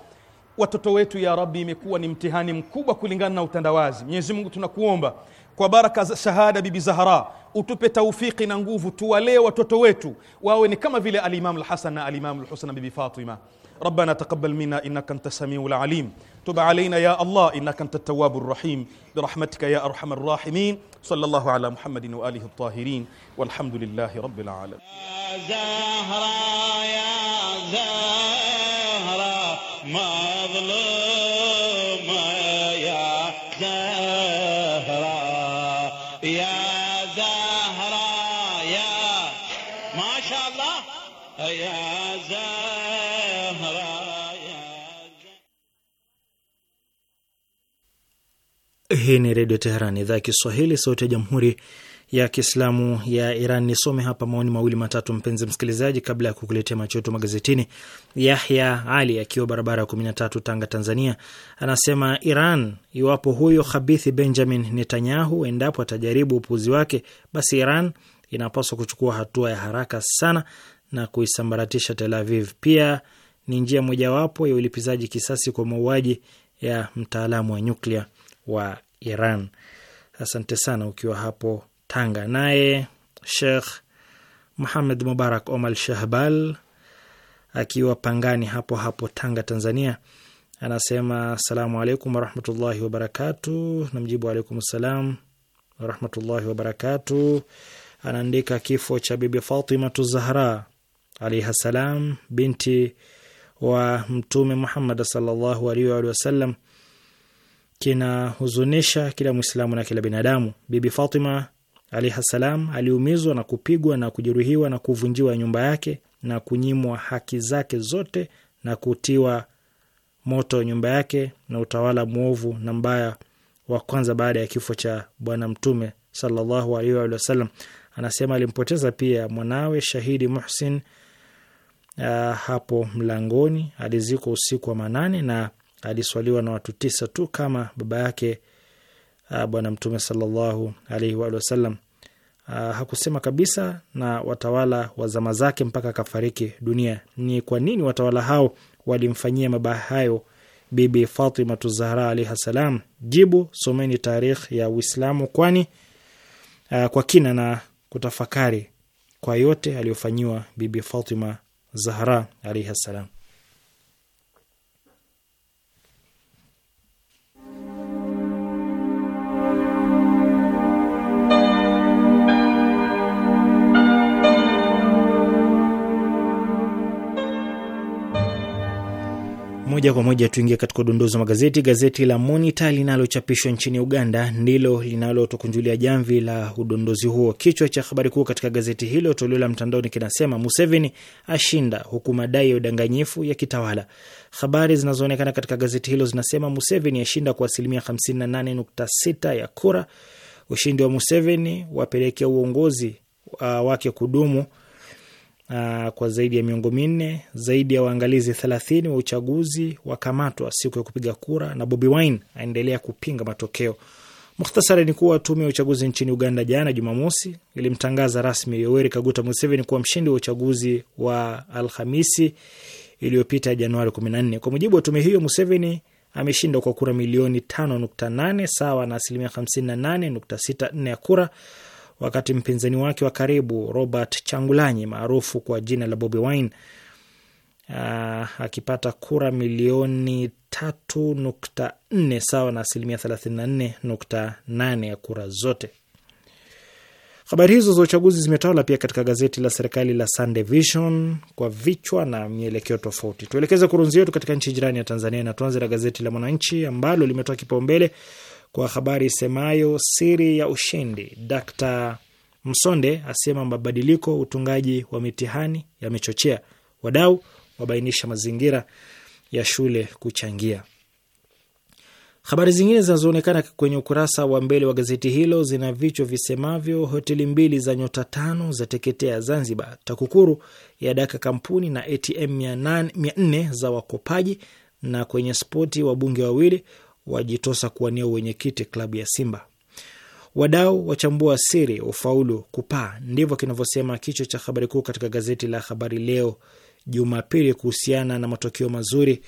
watoto wetu ya Rabbi, imekuwa ni mtihani mkubwa kulingana na utandawazi. Mwenyezi Mungu tunakuomba kwa baraka za shahada Bibi Zahra utupe taufiki na nguvu, tuwalee watoto wetu wawe ni kama vile Alimamu Lhasan na Alimamu Lhusan na Bibi Fatima. ربنا تقبل منا إنك أنت السميع العليم تب علينا يا الله إنك أنت التواب الرحيم برحمتك يا أرحم الراحمين صلى الله على محمد وآله الطاهرين والحمد لله رب العالمين يا زهرة يا زهرة Hii ni Redio Teheran, idhaa ya Kiswahili, sauti ya Jamhuri ya Kiislamu ya Iran. Nisome hapa maoni mawili matatu, mpenzi msikilizaji, kabla ya kukuletea macho yetu magazetini. Yahya Ali akiwa barabara ya tatu, Tanga, Tanzania, anasema Iran, iwapo huyo khabithi Benjamin Netanyahu endapo atajaribu upuuzi wake, basi Iran inapaswa kuchukua hatua ya haraka sana na kuisambaratisha Tel Aviv. Pia ni njia mojawapo ya ulipizaji kisasi kwa mauaji ya mtaalamu wa nyuklia wa Iran. Asante sana ukiwa hapo Tanga. Naye Shekh Muhamed Mubarak Omal Shahbal akiwa Pangani hapo hapo Tanga, Tanzania, anasema asalamu alaikum warahmatullahi wabarakatu. Namjibu alaikum salam warahmatullahi wabarakatu. Anaandika kifo cha Bibi Fatimatu Zahra alaiha salam, binti wa Mtume Muhammad sallallahu alaihi wa alihi wa kinahuzunisha kila Mwislamu na kila binadamu. Bibi Fatima alaihi salam aliumizwa na kupigwa na kujeruhiwa na kuvunjiwa nyumba yake na kunyimwa haki zake zote na kutiwa moto nyumba yake na utawala mwovu na mbaya wa kwanza baada ya kifo cha Bwana Mtume sallallahu alaihi wa sallam. Anasema alimpoteza pia mwanawe shahidi Muhsin uh, hapo mlangoni. Alizikwa usiku wa manane na aliswaliwa na watu tisa tu kama baba yake ah, Bwana Mtume sallallahu alaihi wasallam. Ah, hakusema kabisa na watawala wa zama zake mpaka akafariki dunia. Ni kwa nini watawala hao walimfanyia mabaya hayo Bibi Fatimatu Zahra alaihi salam? Jibu: someni tarikh ya Uislamu kwani ah, kwa kina na kutafakari kwa yote aliyofanyiwa Bibi Fatima Zahra alaihi salam. Moja kwa moja tuingie katika udondozi wa magazeti. Gazeti la Monita linalochapishwa nchini Uganda ndilo linalotukunjulia jamvi la udondozi huo. Kichwa cha habari kuu katika gazeti hilo toleo la mtandaoni kinasema Museveni ashinda huku madai ya udanganyifu ya kitawala. Habari zinazoonekana katika gazeti hilo zinasema Museveni ashinda kwa asilimia 58.6 ya kura. Ushindi wa Museveni wapelekea uongozi uh, wake kudumu aa, ah, kwa zaidi ya miongo minne. Zaidi ya waangalizi thelathini wa uchaguzi wakamatwa siku ya kupiga kura, na Bobi Wine aendelea kupinga matokeo. Mukhtasari ni kuwa tume ya uchaguzi nchini Uganda jana Jumamosi ilimtangaza rasmi Yoweri Kaguta Museveni kuwa mshindi wa uchaguzi wa Alhamisi iliyopita Januari 14. Kwa mujibu wa tume hiyo, Museveni ameshinda kwa kura milioni 5.8 sawa na asilimia 58.64 ya kura wakati mpinzani wake wa karibu Robert Changulanyi maarufu kwa jina la Bobi Wine Uh, akipata kura milioni tatu nukta nne sawa na asilimia 348 nne nukta nane ya kura zote. Habari hizo za uchaguzi zimetawala pia katika gazeti la serikali la Sunday Vision kwa vichwa na mielekeo tofauti. Tuelekeze kurunzi yetu katika nchi jirani ya Tanzania na tuanze na gazeti la Mwananchi ambalo limetoa kipaumbele kwa habari isemayo siri ya ushindi, Dr Msonde asema mabadiliko utungaji wa mitihani yamechochea, wadau wabainisha mazingira ya shule kuchangia. Habari zingine zinazoonekana kwenye ukurasa wa mbele wa gazeti hilo zina vichwa visemavyo: hoteli mbili za nyota tano za teketea Zanzibar, TAKUKURU ya daka kampuni na ATM mia nne za wakopaji, na kwenye spoti wabunge wawili wajitosa kuwania uwenyekiti klabu ya Simba. Wadau wachambua siri ufaulu kupaa, ndivyo kinavyosema kichwa cha habari kuu katika gazeti la Habari Leo Jumapili kuhusiana na matokeo mazuri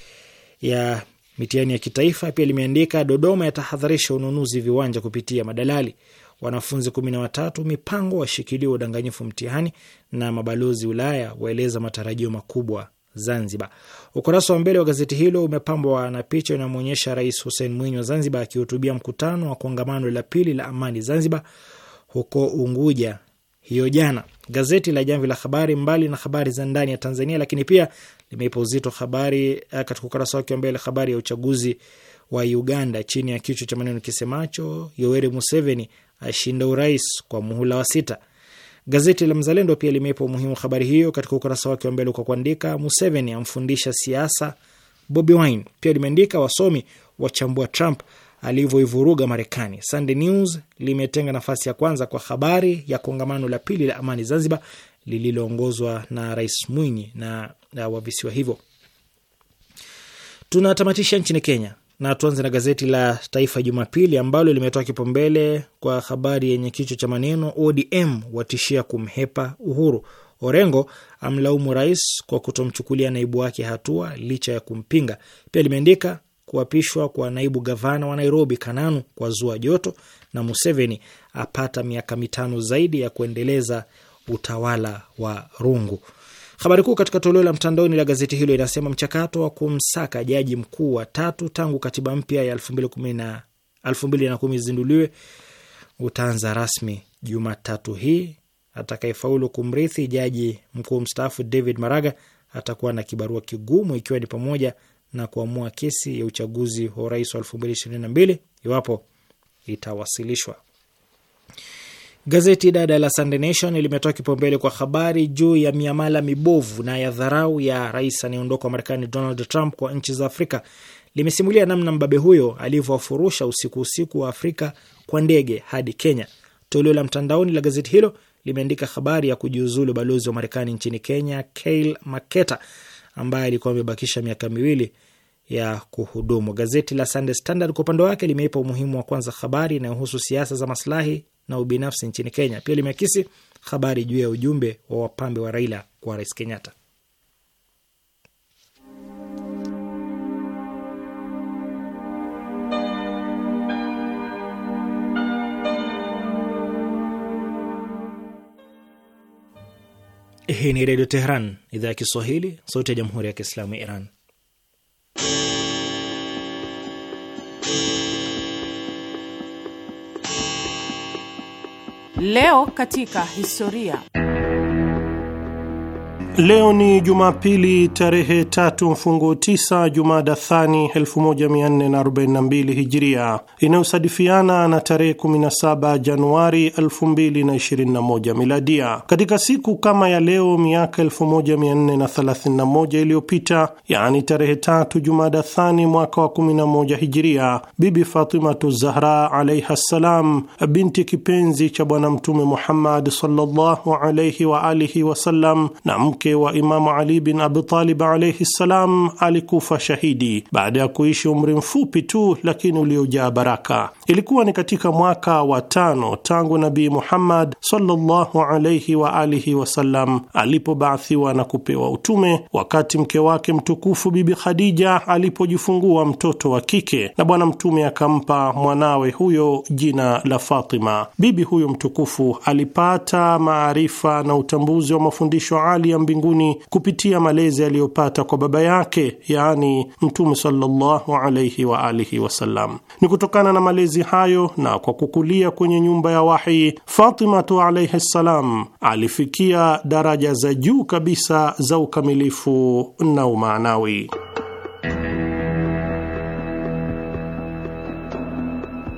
ya mitihani ya kitaifa. Pia limeandika Dodoma yatahadharisha ununuzi viwanja kupitia madalali, wanafunzi kumi na watatu mipango washikiliwa udanganyifu mtihani, na mabalozi Ulaya waeleza matarajio makubwa Zanzibar. Ukurasa wa mbele wa gazeti hilo umepambwa na picha inayomwonyesha Rais Hussein Mwinyi wa Zanzibar akihutubia mkutano wa kongamano la pili la amani Zanzibar huko Unguja hiyo jana. Gazeti la Jamvi la Habari, mbali na habari za ndani ya Tanzania, lakini pia limeipa uzito habari eh, katika ukurasa wake wa mbele, habari ya uchaguzi wa Uganda chini ya kichwa cha maneno kisemacho Yoweri Museveni ashinda urais kwa muhula wa sita. Gazeti la Mzalendo pia limeipa umuhimu habari hiyo katika ukurasa wake wa mbele kwa kuandika, Museveni amfundisha siasa Bobi Wine. Pia limeandika wasomi wachambua Trump alivyoivuruga Marekani. Sunday News limetenga nafasi ya kwanza kwa habari ya kongamano la pili la amani Zanzibar lililoongozwa na Rais Mwinyi na, wa visiwa hivyo. Tunatamatisha nchini Kenya na tuanze na gazeti la Taifa Jumapili ambalo limetoa kipaumbele kwa habari yenye kichwa cha maneno ODM watishia kumhepa Uhuru. Orengo amlaumu rais kwa kutomchukulia naibu wake hatua licha ya kumpinga. Pia limeandika kuapishwa kwa naibu gavana wa Nairobi Kananu kwa zua joto, na Museveni apata miaka mitano zaidi ya kuendeleza utawala wa rungu. Habari kuu katika toleo la mtandaoni la gazeti hilo inasema mchakato wa kumsaka jaji mkuu wa tatu tangu katiba mpya ya 2010 izinduliwe utaanza rasmi Jumatatu hii. Atakayefaulu kumrithi jaji mkuu mstaafu David Maraga atakuwa na kibarua kigumu, ikiwa ni pamoja na kuamua kesi ya uchaguzi wa urais wa 2022 iwapo itawasilishwa. Gazeti dada la Sunday Nation limetoa kipaumbele kwa habari juu ya miamala mibovu na ya dharau ya rais anayeondoka wa Marekani Donald Trump kwa nchi za Afrika. Limesimulia namna mbabe huyo alivyowafurusha usiku usiku wa Afrika kwa ndege hadi Kenya. Toleo la mtandaoni la gazeti hilo limeandika habari ya kujiuzulu balozi wa Marekani nchini Kenya Kyle Maketa ambaye alikuwa amebakisha miaka miwili ya kuhudumu. Gazeti la Sunday Standard kwa upande wake limeipa umuhimu wa kwanza habari inayohusu siasa za maslahi na ubinafsi nchini Kenya. Pia limeakisi habari juu ya ujumbe wa wapambe wa Raila kwa Rais Kenyatta. Hii ni Redio Teheran, idhaa ya Kiswahili, sauti ya Jamhuri ya Kiislamu ya Iran. Leo katika historia Leo ni Jumapili tarehe tatu mfungo tisa Jumada Thani 1442 Hijiria inayosadifiana na tarehe 17 Januari 2021 Miladia. Katika siku kama ya leo miaka 1431 iliyopita, yaani tarehe tatu Jumada Thani mwaka wa 11 Hijiria, Bibi Fatimatu Zahra alaiha ssalam, binti kipenzi cha Bwana Mtume Muhammad sallallahu alaihi wa alihi wasallam na mke mke wa Imamu Ali bin Abi Talib alaihi ssalam alikufa shahidi baada ya kuishi umri mfupi tu, lakini uliojaa baraka. Ilikuwa ni katika mwaka wa tano tangu Nabii Muhammad sallallahu alaihi wa alihi wasallam alipobaathiwa na kupewa utume, wakati mke wake mtukufu Bibi Khadija alipojifungua mtoto wa kike, na Bwana Mtume akampa mwanawe huyo jina la Fatima. Bibi huyo mtukufu alipata maarifa na utambuzi wa mafundisho ali ya mbinguni kupitia malezi aliyopata kwa baba yake, yaani Mtume sallallahu alayhi wa alihi wasallam. Ni kutokana na malezi hayo na kwa kukulia kwenye nyumba ya wahi, Fatimatu alayhi ssalam alifikia daraja za juu kabisa za ukamilifu na umaanawi.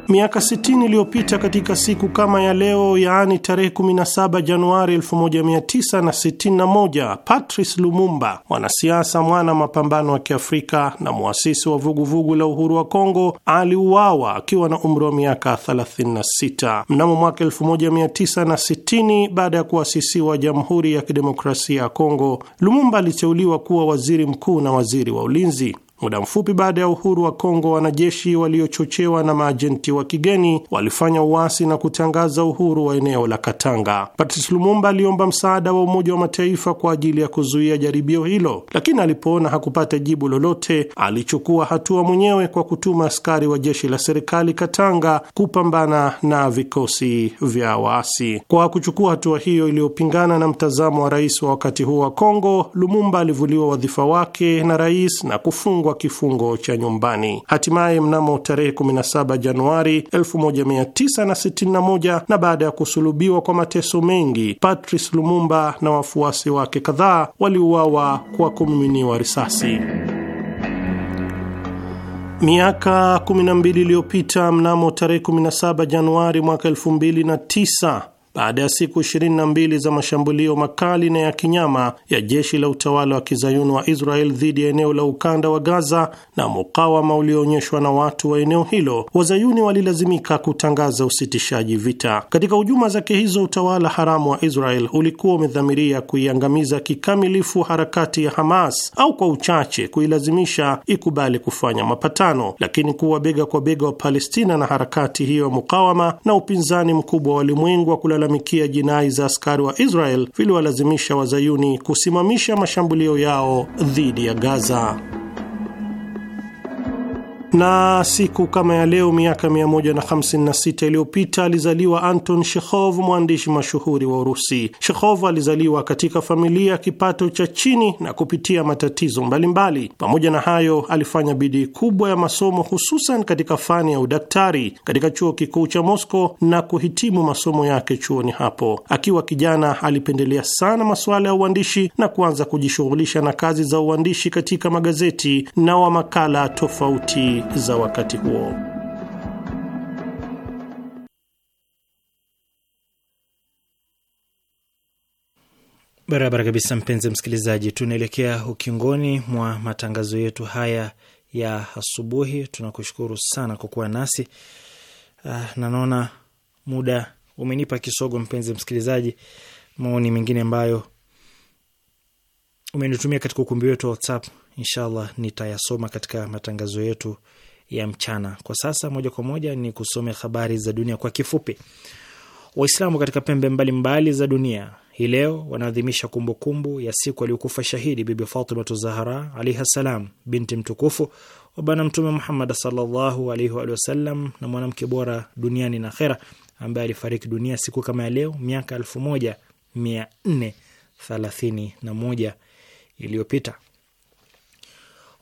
Miaka 60 iliyopita katika siku kama ya leo, yaani tarehe 17 Januari 1961, Patrice Lumumba, mwanasiasa mwana mapambano ya Kiafrika na mwasisi wa vuguvugu vugu la uhuru wa Kongo, aliuawa akiwa na umri wa miaka 36 mnamo mwaka 1960. Baada ya kuasisiwa Jamhuri ya Kidemokrasia ya Kongo, Lumumba aliteuliwa kuwa waziri mkuu na waziri wa ulinzi. Muda mfupi baada ya uhuru wa Kongo, wanajeshi waliochochewa na maajenti wa kigeni walifanya uasi na kutangaza uhuru wa eneo la Katanga. Patrice Lumumba aliomba msaada wa Umoja wa Mataifa kwa ajili ya kuzuia jaribio hilo, lakini alipoona hakupata jibu lolote, alichukua hatua mwenyewe kwa kutuma askari wa jeshi la serikali Katanga kupambana na vikosi vya waasi. Kwa kuchukua hatua hiyo iliyopingana na mtazamo wa rais wa wakati huo wa Kongo, Lumumba alivuliwa wadhifa wake na rais na kufungwa kifungo cha nyumbani. Hatimaye mnamo tarehe 17 Januari 1961 na baada ya kusulubiwa kwa mateso mengi, Patrice Lumumba na wafuasi wake kadhaa waliuawa kwa kumiminiwa risasi. Miaka 12 iliyopita mnamo tarehe 17 Januari mwaka 2009 baada ya siku 22 za mashambulio makali na ya kinyama ya jeshi la utawala wa kizayuni wa Israel dhidi ya eneo la ukanda wa Gaza na mukawama ulioonyeshwa na watu wa eneo hilo, wazayuni walilazimika kutangaza usitishaji vita. Katika hujuma zake hizo, utawala haramu wa Israel ulikuwa umedhamiria kuiangamiza kikamilifu harakati ya Hamas au kwa uchache kuilazimisha ikubali kufanya mapatano, lakini kuwa bega kwa bega wa Palestina na harakati hiyo ya mukawama na upinzani mkubwa wa ulimwengu wa kulalamikia jinai za askari wa Israel viliwalazimisha wazayuni kusimamisha mashambulio yao dhidi ya Gaza. Na siku kama ya leo miaka 156 iliyopita alizaliwa Anton Chekhov, mwandishi mashuhuri wa Urusi. Chekhov alizaliwa katika familia ya kipato cha chini na kupitia matatizo mbalimbali mbali. Pamoja na hayo, alifanya bidii kubwa ya masomo, hususan katika fani ya udaktari katika chuo kikuu cha Moscow na kuhitimu masomo yake chuoni hapo. Akiwa kijana, alipendelea sana masuala ya uandishi na kuanza kujishughulisha na kazi za uandishi katika magazeti na wa makala tofauti za wakati huo. Barabara kabisa, mpenzi msikilizaji, tunaelekea ukingoni mwa matangazo yetu haya ya asubuhi. Tunakushukuru sana kwa kuwa nasi. Uh, ah, nanaona muda umenipa kisogo, mpenzi msikilizaji. Maoni mengine ambayo umenitumia katika ukumbi wetu wa WhatsApp inshallah nitayasoma katika matangazo yetu ya mchana. Kwa sasa moja kwa moja ni kusome habari za dunia kwa kifupi. Waislamu katika pembe mbalimbali mbali za dunia hii leo wanaadhimisha kumbukumbu ya siku aliyokufa shahidi Bibi Fatimatu Zahara alaiha salam, binti mtukufu wa Bwana Mtume Muhammad sallallahu alaihi wa sallam, na mwanamke bora duniani na akhera, ambaye alifariki dunia siku kama ya leo miaka 1431 iliyopita.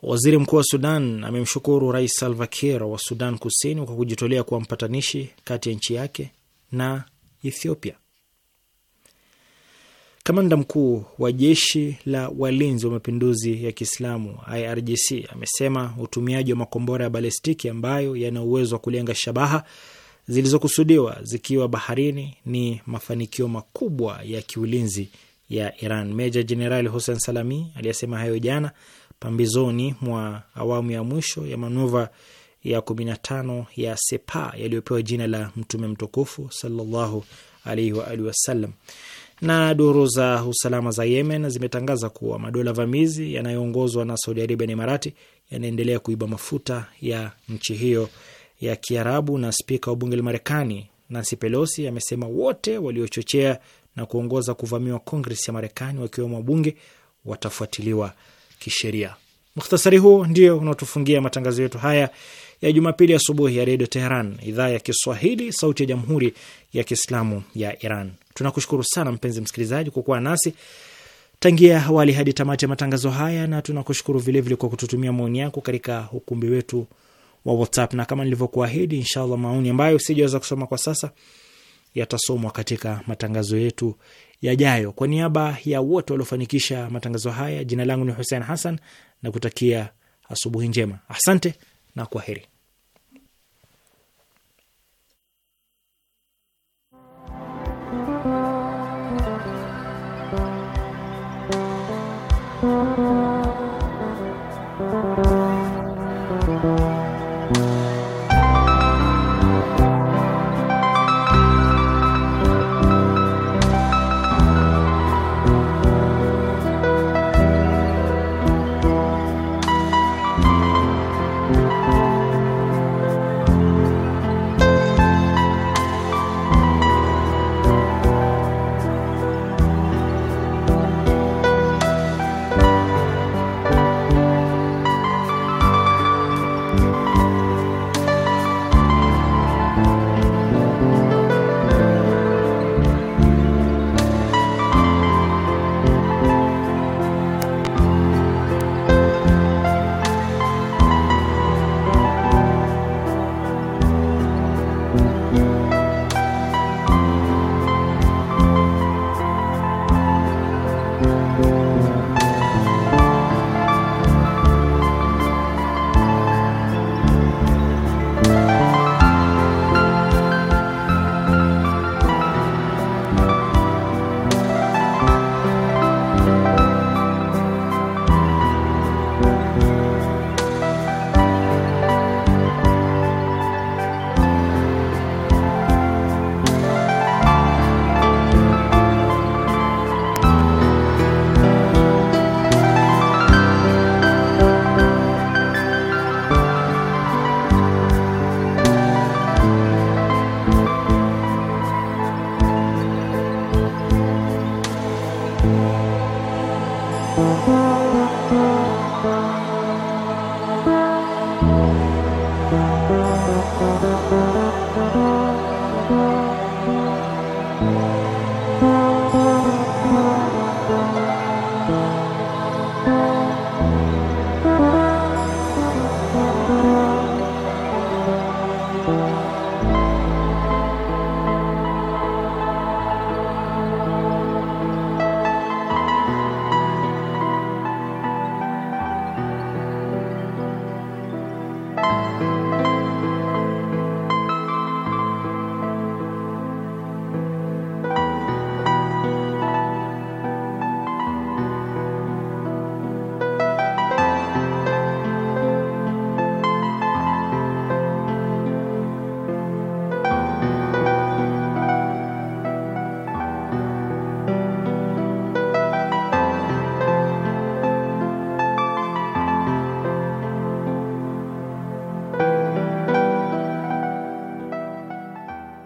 Waziri mkuu wa Sudan amemshukuru Rais Salva Kiir wa Sudan Kusini kwa kujitolea kuwa mpatanishi kati ya nchi yake na Ethiopia. Kamanda mkuu wa jeshi la walinzi wa mapinduzi ya Kiislamu IRGC amesema utumiaji wa makombora ya balistiki ambayo yana uwezo wa kulenga shabaha zilizokusudiwa zikiwa baharini ni mafanikio makubwa ya kiulinzi ya Iran. Meja Jenerali Hussein Salami aliyesema hayo jana pambizoni mwa awamu ya mwisho ya manuva ya 15 ya Sepa yaliyopewa jina la Mtume mtukufu sallallahu alaihi wa alihi wasallam. Na duru za usalama za Yemen zimetangaza kuwa madola vamizi yanayoongozwa na Saudi Arabia na Imarati yanaendelea kuiba mafuta ya nchi hiyo ya Kiarabu. Na spika wa bunge la Marekani Nancy Pelosi amesema wote waliochochea na kuongoza kuvamiwa Kongres ya Marekani wakiwemo wabunge watafuatiliwa kisheria. Mukhtasari huu ndio unaotufungia matangazo yetu haya ya Jumapili asubuhi ya Redio Teheran, idhaa ya Kiswahili, sauti ya Jamhuri ya Kiislamu ya Iran. Tunakushukuru sana mpenzi msikilizaji kwa kuwa nasi tangia awali hadi tamati ya matangazo haya, na tunakushukuru vilevile kwa kututumia maoni yako katika ukumbi wetu wa WhatsApp, na kama nilivyokuahidi, inshallah maoni ambayo sijaweza kusoma kwa sasa yatasomwa katika matangazo yetu yajayo. Kwa niaba ya wote waliofanikisha matangazo haya, jina langu ni Hussein Hassan na kutakia asubuhi njema. Asante na kwaheri.